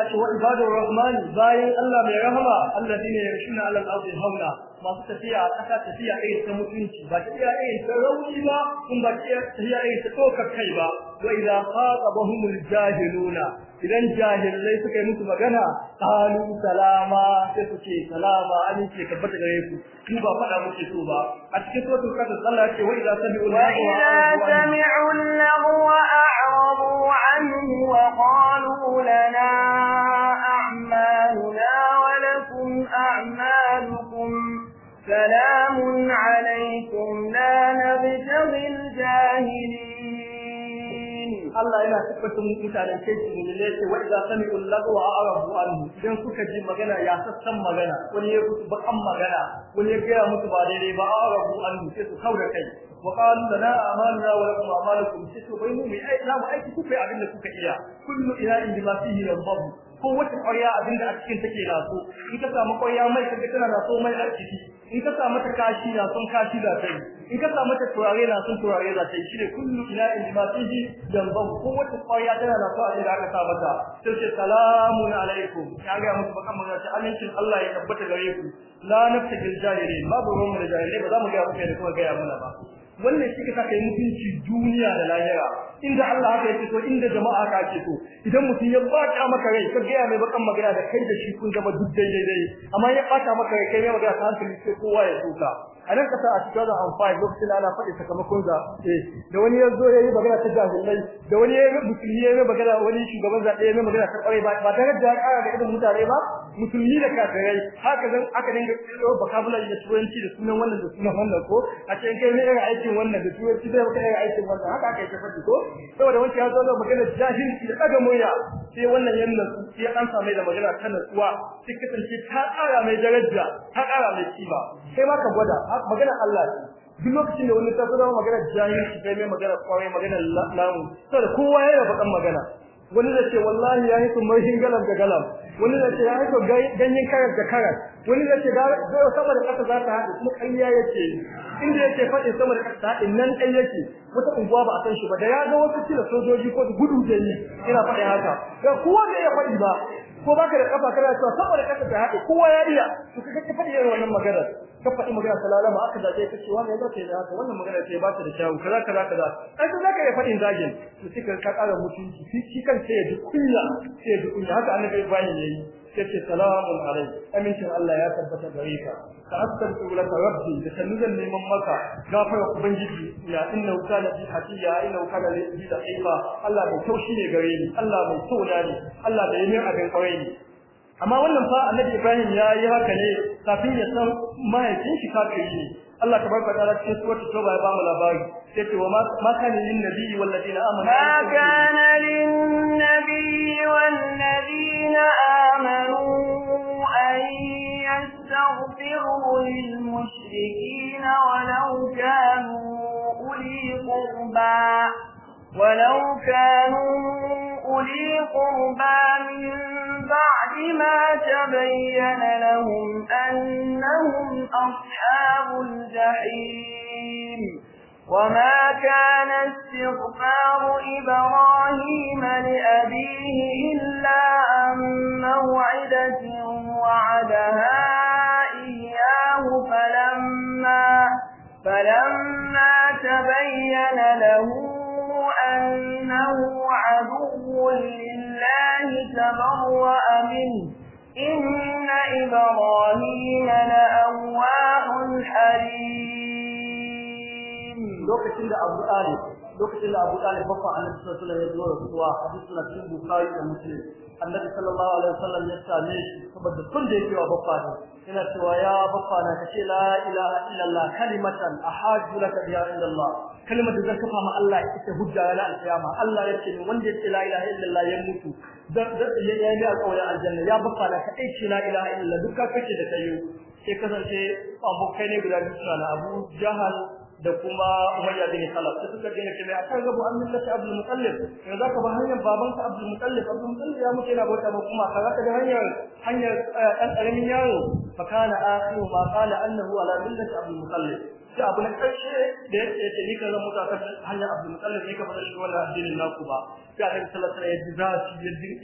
Allah ce wa rahman bayan Allah mai rahama alladine yamshuna ala al-ardi hauna masu tafiya a ƙasa tafiya irin ta mutunci ba tafiya irin ta rauni ba kun ba tafiya ɗaya ta ɗaukar kai ba wa ba khatabahumul jahiluna idan jahilai suka yi musu magana qalu salama sai su ce salama an ce ka bata gare ku ku ba faɗa muke so ba a cikin suratul qadr Allah ce wa idza sami'u al-lahwa a'radu anhu wa qalu lana سلام عليكم لا نبتغي الجاهلين الله yana tabbata mun mutanen sai su ne lace wa idza sami'u lagwa arabu anhu idan suka ji magana ya sassan magana wani ya kutu bakan magana wani ya gaya musu ba daidai ba arabu anhu sai su kaura kai wa qalu lana amaluna wa lakum amalukum sai su bayyana mai aiki kuka abin da kuka iya kullu ila indi ma fihi yanzabu ko wata ƙwarya abinda a cikin take nasu in ka samu ƙwarya mai tana raso mai arziki in ka samu ta kashi na son kashi da ta in ka samu ta turare na son turare da shi shine kullu ila in ma fihi ko wata ƙwarya tana raso a da aka saba Ta sai ce salamun alaikum ya ga mu baka mun ce amincin Allah ya tabbata gare ku la nafsi bil babu ruwan da ba za mu ga kai da kuma ga mana ba wannan shi ka yi mutunci duniya da lahira inda Allah haka yake so inda jama'a haka ake so idan mutum ya bata maka rai ka gaya mai bakan magana da kai da shi kun zama duk daidai dai amma ya bata maka rai kai mai magana ta hankali sai kowa ya tuka a nan kasa a cikin da amfani lokacin ana faɗi sakamakon da da wani ya zo ya yi magana ta jahilai da wani ya musulmi ya mai magana wani shugaban zabe ya mai magana ta ƙwarai ba ba tare da ƙara da irin mutane ba musulmi da kafirai haka zan aka dinga tsiro bula da turanci da sunan wannan da sunan wannan ko a ce kai ne ga aikin wannan da turanci da kai ga aikin wannan haka aka yi ta fadi ko saboda wancan ya zo da magana jahilci da ɗaga murya sai wannan yannan sai an samu da magana ta natsuwa sai kasance ta ƙara mai daraja ta ƙara mai kima sai ma ka gwada magana Allah ce duk lokacin da wani ta zama magana jahilci kai mai magana kwarai magana lamu da kowa ya yana kan magana wani da ce wallahi ya hito mai galam da galam wani da ce ya hito ganyen karar da karar wani da ce zai sama da ƙasa za ta haɗu kuma ya yake inda yake faɗin sama da ƙasa ta haɗu nan ɗan yake wata unguwa ba a san shi ba da ya ga wasu cire sojoji ko gudu da yi ina faɗin haka Da kowa da ya faɗi ba ko baka da kafa kana cewa saboda kasa ta haɗe kowa ya iya to kaga ka faɗi irin wannan magana ka faɗi magana salama aka zaje kace wannan yadda kai da haka wannan magana ce ba ta da shawu kaza kaza kaza ai to zaka iya fadin zagin to sai ka kara mutunci shi kan sai ya duk kunya sai ya ji kunya haka annabi Ibrahim ne Yace salamun alai amincin Allah ya tabbata gare ka ta'assaltu laka rabbi da sanin neman maka gafara ubangiji ya inna kana bi hatiya inna kana bi daqiqa Allah mai taushi ne gare ni Allah mai tauda ni. Allah da yayin abin kawai ni. amma wannan fa annabi Ibrahim ya yi haka ne kafin ya san mahaifin shi kafiri ne Allah tabaraka wa ta'ala cikin suratul tauba ya bamu labari sai ce wa ma kana lin nabiyyi wal ladina amanu ma kana lin nabiyyi wal ladina amanu an yastaghfiru lil mushrikeen walau kanu uli qurba ولو كانوا أولي قربى من بعد ما تبين لهم أنهم أصحاب الجحيم وما كان استغفار إبراهيم لأبيه إلا أن موعدة وعدها إياه فلما, فلما تبين له أنه عدو لله تبرأ منه إن إبراهيم لأواه حليم لوكتين ده أبو طالب لوكتين ده أبو طالب بقى عن النبي صلى الله عليه وسلم حديثنا في البخاري ومسلم النبي صلى الله عليه وسلم يسأل saboda kun da yake wa baffa ne yana cewa ya baffa na kace la ilaha illallah kalimatan ahadu laka biha illallah kalimar da zai kafa ma Allah ita hujja ranar alkiyama Allah yace wanda yace la ilaha ya mutu da ya yi da kauya aljanna ya baka la kai ce la ilaha illa duka kace da kayo sai kasance abokai ne guda biyu na Abu Jahal da kuma Umayya bin Khalaf sai suka gina cewa akan gabu an millata Abdul Muttalib yanzu zaka ba hanyar baban ka Abdul Muttalib Abdul Muttalib ya muke na bauta ba kuma kaza ka da hanyar hanyar dan eh, karamin yaro fa kana akhiru ma qala annahu ala millati Abdul Muttalib da abu na ƙarshe da ya ce ni kan zama hanyar abu mutsallar ne ka fara shi wannan addinin naku ba sai annabi sallallahu alaihi ya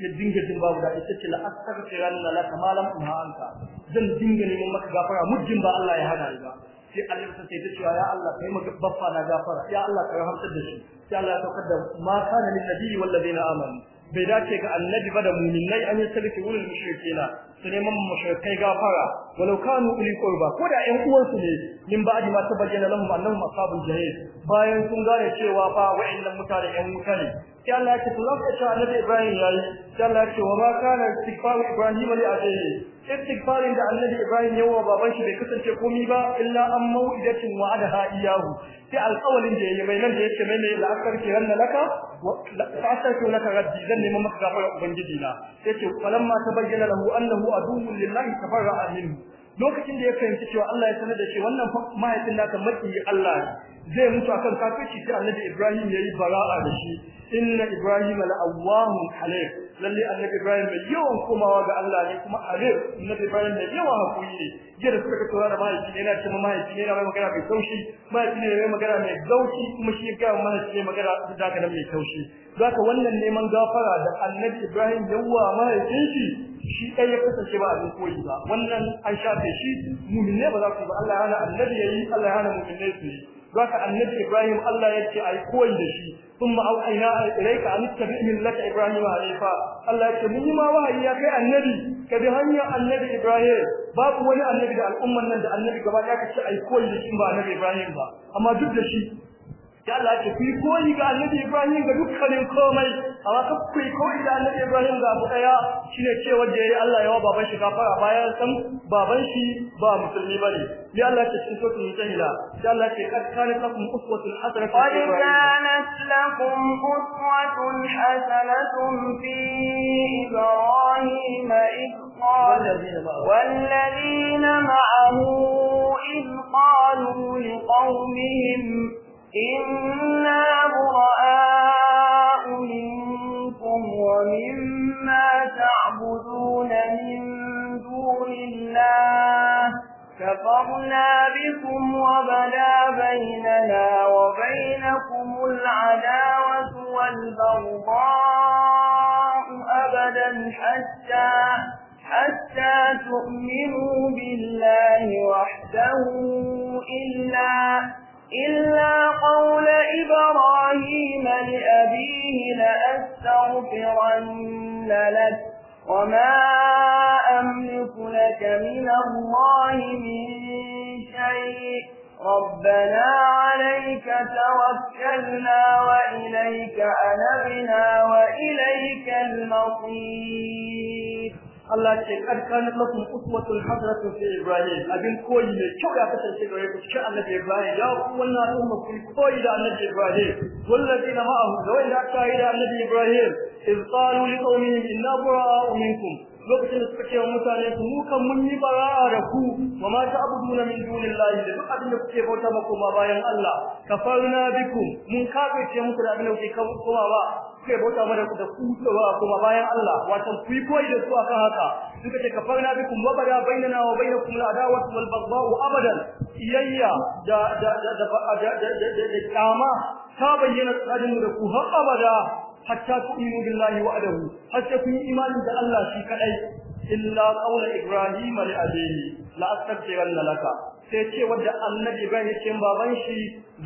ya dinga jin babu da ita ce la astaghfirullah laka ma lam anka zan dinga neman maka gafara mujin ba Allah ya hana ni ba sai Allah ta sai ta cewa ya Allah kai maka baffa na gafara ya Allah ka rahamtar da shi sai Allah ya saukar da ma kana lin nabiyyi wal ladina amanu bai dace ga annabi ba da mu'minai an yasalki wulul mushrikina su neman mushrikai gafara walau kanu uli qurba ko da uwan su ne min ba ma tabayyana lahum annahum ashabul jahil bayan sun gane cewa fa wa'annan mutane ƴan mutane sai Allah ya ce to zaka ce annabi Ibrahim yayi sai Allah ya ce wa ma kana istighfaru Ibrahim li abihi istighfarin da annabi Ibrahim yayi wa baban shi bai kasance komai ba illa an mau'idatin wa'adaha iyahu sai alƙawarin da yayi mai nan da yake mai ne la'akar kiranna laka wa ta'asarku laka rabbi zan nemi maka gafara ubangiji na sai ce falamma tabayyana lahu annahu Adumun, lillahi tafarra'a minhu lokacin da ya fahimci cewa Allah ya sanar da shi wannan mahaifin naka maki Allah zai mutu akan kafirci sai annabi Ibrahim ya yi bara'a da shi inna Ibrahim al-awwahun halif lalle annabi Ibrahim mai yawan komawa ga Allah ne kuma halif annabi Ibrahim mai yawan hakuri ne jiya da suka ga tsawara mahaifi yana cewa mahaifi yana mai magana mai taushi mahaifi ne mai magana mai zauki kuma shi ga mahaifi ne magana da haka nan mai taushi zaka wannan neman gafara da annabi Ibrahim yawa mahaifin shi shi kai ya kasance ba abin koyi ba wannan an shafe shi ne ba za ku ba Allah ya hana annabi yi. Allah ya hana ne su yi zaka annabi Ibrahim Allah ya ce ai koyi da shi thumma auhayna ilayka an tabi laka Ibrahim hanifa Allah ya ce mun ma wahayi ya kai annabi ka bi hanyar annabi Ibrahim babu wani annabi da al'umman nan da annabi gaba ya ka ce ai koyi da shi ba annabi Ibrahim ba amma duk da shi ya Allah ki fi koyi ga Annabi Ibrahim ga dukkanin komai amma ka fi koyi ga Annabi Ibrahim ga abu daya shine cewa da yayi Allah yawa baban shi gafara bayan san baban shi ba musulmi bane ya Allah ki cin sotu mutahila ya Allah ki kad kana lakum uswatun hasanatun qad kanat lakum uswatun hasanatun fi Ibrahim id والذين معه إذ قالوا لقومهم إنا براء منكم ومما تعبدون من دون الله كفرنا بكم وبدا بيننا وبينكم العداوة والبغضاء أبدا حتى حتى تؤمنوا بالله وحده إلا إلا قول إبراهيم لأبيه لأستغفرن لك وما أملك لك من الله من شيء ربنا عليك توكلنا وإليك أنبنا وإليك المصير Allah ce kad kana lakum uswatul hadratu fi ibrahim abin koyi ne kyau ya kasance gare ku cikin annabi ibrahim ya ku wannan al'umma ku koyi da annabi ibrahim wallazina ma'ahu da wanda aka yi da annabi ibrahim iz qalu liqaumihim inna bura'u minkum lokacin da suka ce wa mutane su mu mun yi bara'a da ku wa ma ta'buduna min dunillahi da duk abin da kuke bauta ba bayan Allah kafarna bikum mun kafirce muku da abin da kuke kuma ba kuke bauta mana da ku ba kuma bayan Allah wato ku yi koyi da su akan haka suka ce kafarna bikum wa bada bainana wa bainakum al-adawatu wal baghdha'u abadan iyayya da da da da da da da da da da da da da da da da da da hatta yi billahi wa'dahu hatta kun imanin da Allah shi kadai illa qawla ibrahim li abihi la astaghfiranna laka sai ce wanda annabi ibrahim ce baban shi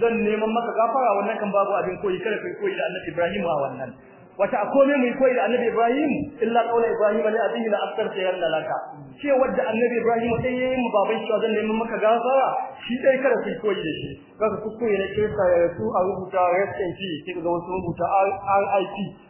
zan neman maka gafara wannan kan babu abin koyi kada kai koyi da annabi ibrahim a wannan wata a komai mu koyi da annabi Ibrahim illa qaula Ibrahim la abi la aftarta yalla laka ce wanda annabi Ibrahim sai yayin mu baban shi zan neman maka gafara shi dai kada ku koyi da shi kaga su koyi ne kirista ya su a rubuta rest in ga wasu rubuta a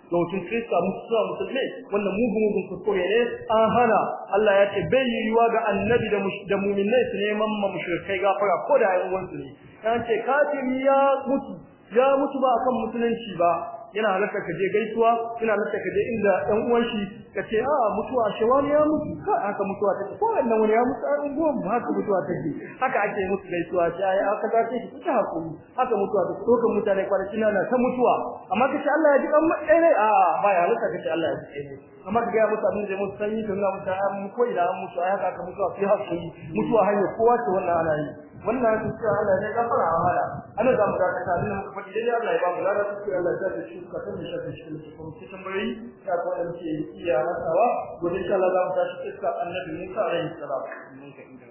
ga mutum ne wanda mu wannan mugun kuskure ne an hana Allah ya ce bai yi yiwuwa ga annabi da mu'minai su neman ma mushrikai gafara ko da ayyukan su ne kan ce kafiri ya mutu ya mutu ba akan musulunci ba yana halatta ka je gaisuwa yana halatta ka je inda ɗan uwan shi ka ce a ah, mutuwa wani ya mutu ka haka mutuwa ta ko wannan wani ya mutu a unguwan mu haka mutuwa ta ke haka ake mutu gaisuwa ta ai haka ta ce kuka hakuri haka mutuwa ta ko kan mutane kwanaki na ta mutuwa amma kace Allah ya ji dan mai a baya ya halatta kace Allah ya ji ne amma ka ga musu abin da musu sanyi yi ga musu ko ila an mutu ai haka mutuwa fi hakuri mutuwa hanya kowa ce wannan ana yi wannan su ce Allah ne gafara wa ana za mu dakata da muka faɗi dai Allah ya ba mu lada su ce Allah ya sa ka san shi shi ne kuma su tambayi ta ko an ce iya rasawa gobe insha Allah za mu tashi iska annabi Musa alaihi salam mun ka inda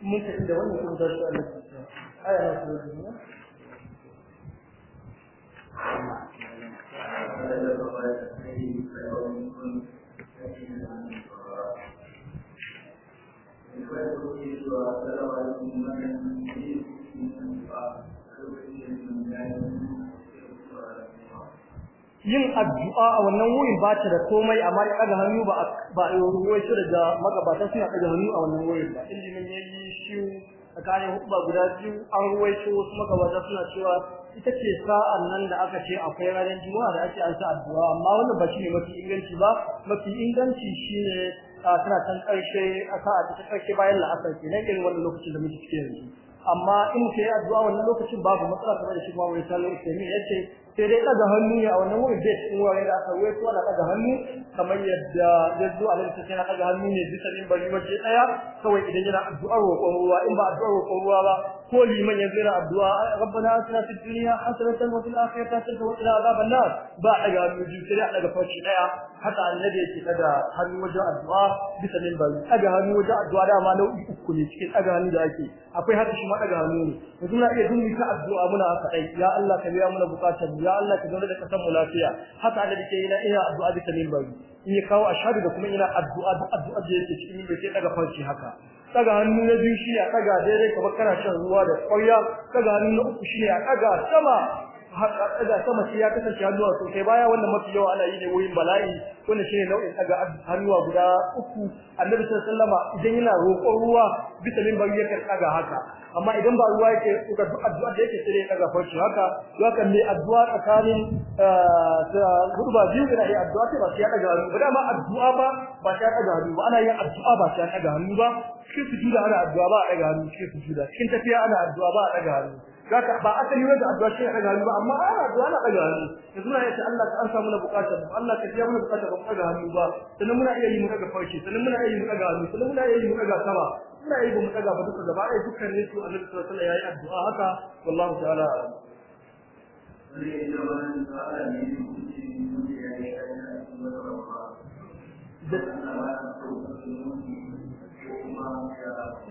mun ka inda kuma Allah aya na su ne yin addu'a a wannan wurin ba ta da komai amma ya ɗaga hannu ba ba ruwai shi daga magabata suna ɗaga hannu a wannan wurin ba ilimin ya yi shi tsakanin hukuma guda biyu an ruwai shi wasu magabata suna cewa ita ce sa'an nan da aka ce akwai ranar juma'a da ake an sa addu'a amma wannan ba shi ne mafi inganci ba mafi inganci shi ne kana can karshe a sa a cikin karshe bayan la'asar nan irin wannan lokacin da muke cikin yanzu amma in ke yi addu'a wannan lokacin babu matsala kamar da shi kuma wani sallar ya ce sai dai daga hannu ne a wannan wurin dai cikin wurin da aka wuce ko daga hannu kamar yadda yanzu a lokacin sai daga hannu ne bisa din bari waje daya kawai idan yana addu'ar roƙon ruwa in ba addu'ar roƙon ruwa ba ko liman yanzu yana addu'a rabbana atina fid dunya hasanatan wa fil akhirati hasanatan wa qina adhaban nar ba daga hannu ji sai daga fashi daya haka annabi yake daga hannu wajen addu'a bisa din bari daga hannu wajen addu'a ma nau'i uku ne cikin daga hannu da ake akwai haka shi ma daga hannu ne yanzu na iya duni ta addu'a muna kadai ya Allah ka biya muna bukatar ya Allah ka zauna da kasan mu lafiya haka da dake ina ina addu'a da minbari in ya kawo ashadu da kuma ina addu'a addu'a da yake cikin minbari sai daga farki haka daga hannu na biyu shi ya daga daidai kamar kana shan ruwa da ƙwarya daga hannu na uku shi ya daga sama daga sama shi ya kasance hannuwa sosai baya wannan mafi yawa ana yi ne wurin bala'i wannan shine nau'in daga hannuwa guda uku annabi sallallahu alaihi idan yana roƙon ruwa bisa min bari ya yakan daga haka amma idan ba ruwa yake suka addu'a da yake sai daga farko haka haka ne addu'a tsakanin gurba eh, eh, biyu da yi addu'a ce ba sai ya daga hannu ba dama addu'a ba ba sai ya daga hannu ba ana yin addu'a ba sai ya daga hannu ba cikin sujuda ana addu'a ba a daga hannu cikin sujuda cikin tafiya ana addu'a ba a daga hannu kaka ba asali da addu'a shi daga hannu ba amma ana addu'a na daga hannu yanzu muna yace Allah ka ansa mana bukatar mu Allah ka biya mana bukatar mu daga hannu ba sannan muna iya yi mu daga farki sannan muna iya yi mu daga hannu sannan muna iya yi mu daga sama muna iya yi mu daga ba duka gaba ɗaya dukkan ne su ta sallallahu alaihi wasallam yayi addu'a haka wallahu ta'ala da ta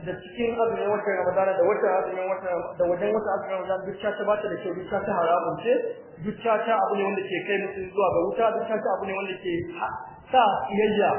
da cikin azumin wata Ramadana da watan azumin watan da wajen watan azumin Ramadana duk ta ba ta da ke duk ta haramun ce duk ta abu ne wanda ke kai mutum zuwa ga wuta duk ta abu ne wanda ke sa iyayya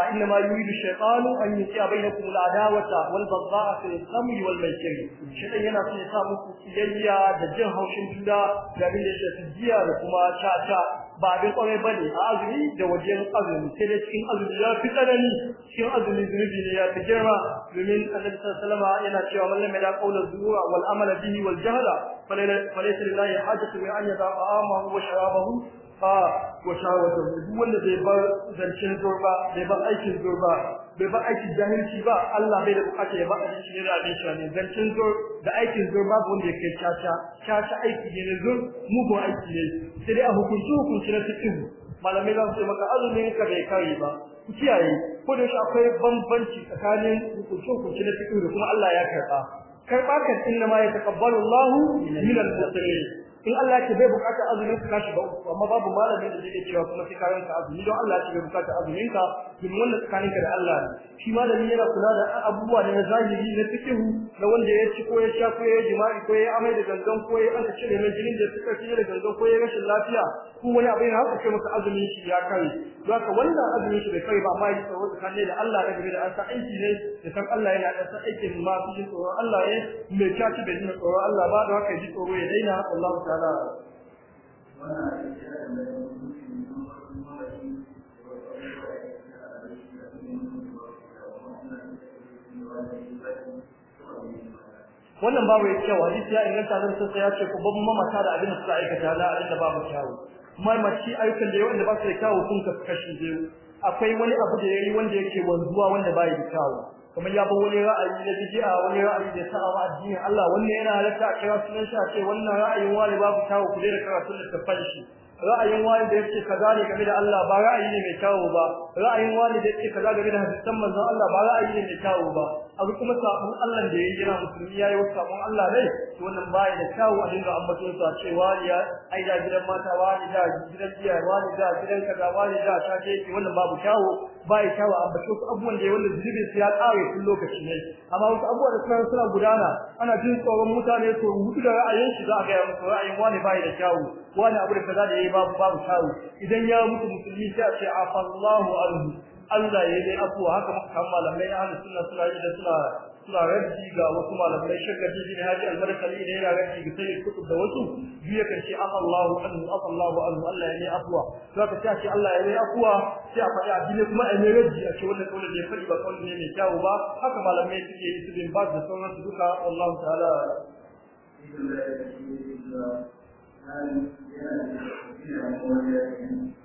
إنما يريد الشيطان أن يسيء بينكم العداوة والبغضاء في الخمر والميسر شيطان yana son ya sa muku kiyayya da jin haushin juna da abin da ya shafi jiya da kuma caca ba abin kwarai ba ne a azumi da wajen azumi sai dai cikin azumi ya fi tsanani cikin azumi zunubi ne ya fi girma domin annabi sallallahu yana cewa man lam yada qawla zuwa wal amala bihi wal jahla falaysa a hajatu an yada ta'amahu wa sharabahu a wa shawata duk wanda bai bar zancen zurba bai bar aikin zurba bai bar aikin jahilci ba Allah bai da bukata ya ba a cikin rabin shi ne zancen zur da aikin zurba ba wanda yake caca caca aiki ne zur mugun aiki ne sai dai a hukunci hukunci na cikin malamai za su ce maka azumin ka bai kare ba ku kiyaye ko da shi akwai bambanci tsakanin hukunci hukunci na cikin da kuma Allah ya karba karba kan inna ma ya taqabbalu Allahu minal muttaqin in Allah ke bai bukata azumin ka shi ba amma babu malamin da zai cewa kuma sai kayan ka azumi don Allah ke bai bukata azumin ka kin wannan tsakanin ka da Allah shi malami yana kula da abubuwa da na zahiri na fikihu na wanda ya ci ko ya sha ko ya jima'i ko ya amai da gangan ko ya aka cire mai jinin da suka cire da gangan ko ya rashin lafiya ko wani abin haka sai maka azumin shi ya kai haka wannan azumin shi bai kai ba amma ya tsoro tsakanin da Allah da game da an aiki ne da san Allah yana da san aikin ma fi tsoron Allah ne mai kyaci da jin tsoron Allah ba da haka ji tsoro ya daina Allah ta wannan babu ya cewa hadisi ya inganta da sai ya ce ku babu mamata da abin da suka aikata la abin da babu kyawu mace aikin da da ba su da kyawu sun kasu kashi akwai wani abu da yayi wanda yake wanzuwa wanda bai da kyawu kamar ya bar wani ra'ayi na bid'a wani ra'ayi da sa'a wa addinin Allah wannan yana halatta a kira sunan shi a ce wannan ra'ayin wani babu tawo ku da karatun littafin shi ra'ayin wani da yake kaza ne game da Allah ba ra'ayi ne mai tawo ba ra'ayin wani da yake kaza game da hadisan manzon Allah ba ra'ayi ne mai tawo ba abu kuma sabon Allah da yi yana musulmi yayi wasu sabon Allah ne to wannan baya da kawo a dinga ambaton sa cewa ya ai da gidan mata wani da gidan biya wani da gidan kaza wani da ta ce wannan babu kawo bai kawo ambaton su abubuwan da wannan zubi su ya kawo tun lokaci ne amma wasu abubuwa da suna suna gudana ana jin tsoron mutane to hudu da ra'ayin shi za a ga musu ra'ayin wani bai da kawo wani abu da za da yayi babu babu kawo idan ya mutu musulmi sai a ce afallahu alhu Allah ya yi afuwa haka makan malamai ahlus sunna suna yi da suna suna rabbi ga wasu malamai shakka ji ne haji almarkali ne yana rabbi ga sai kutub da wasu biya kan ce an Allahu anhu Allahu anhu Allah ya yi afuwa to ka ta ce Allah ya yi afuwa sai a faɗi abin kuma a yi rabbi a ce wannan kawai da ya faɗi ba kawai ne mai kyau ba haka malamai suke yi su bin ba da sauran su duka Allah ta'ala Thank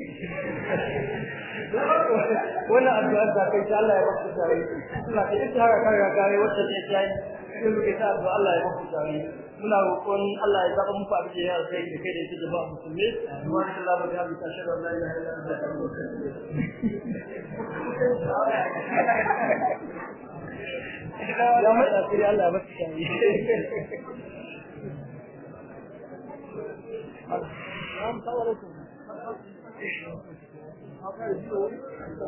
wannan addu'a da kai ta Allah ya baka tare Allah ka ita haka kaga gare wacce ce ta yi sai muke ta addu'a Allah ya baka tare muna roƙon Allah ya zaba muku abin da ya sai da kai da ba musulmi duwa da Allah ya ta tashar Allah ya ya mai asiri Allah ya baka tare 这个，他开始有。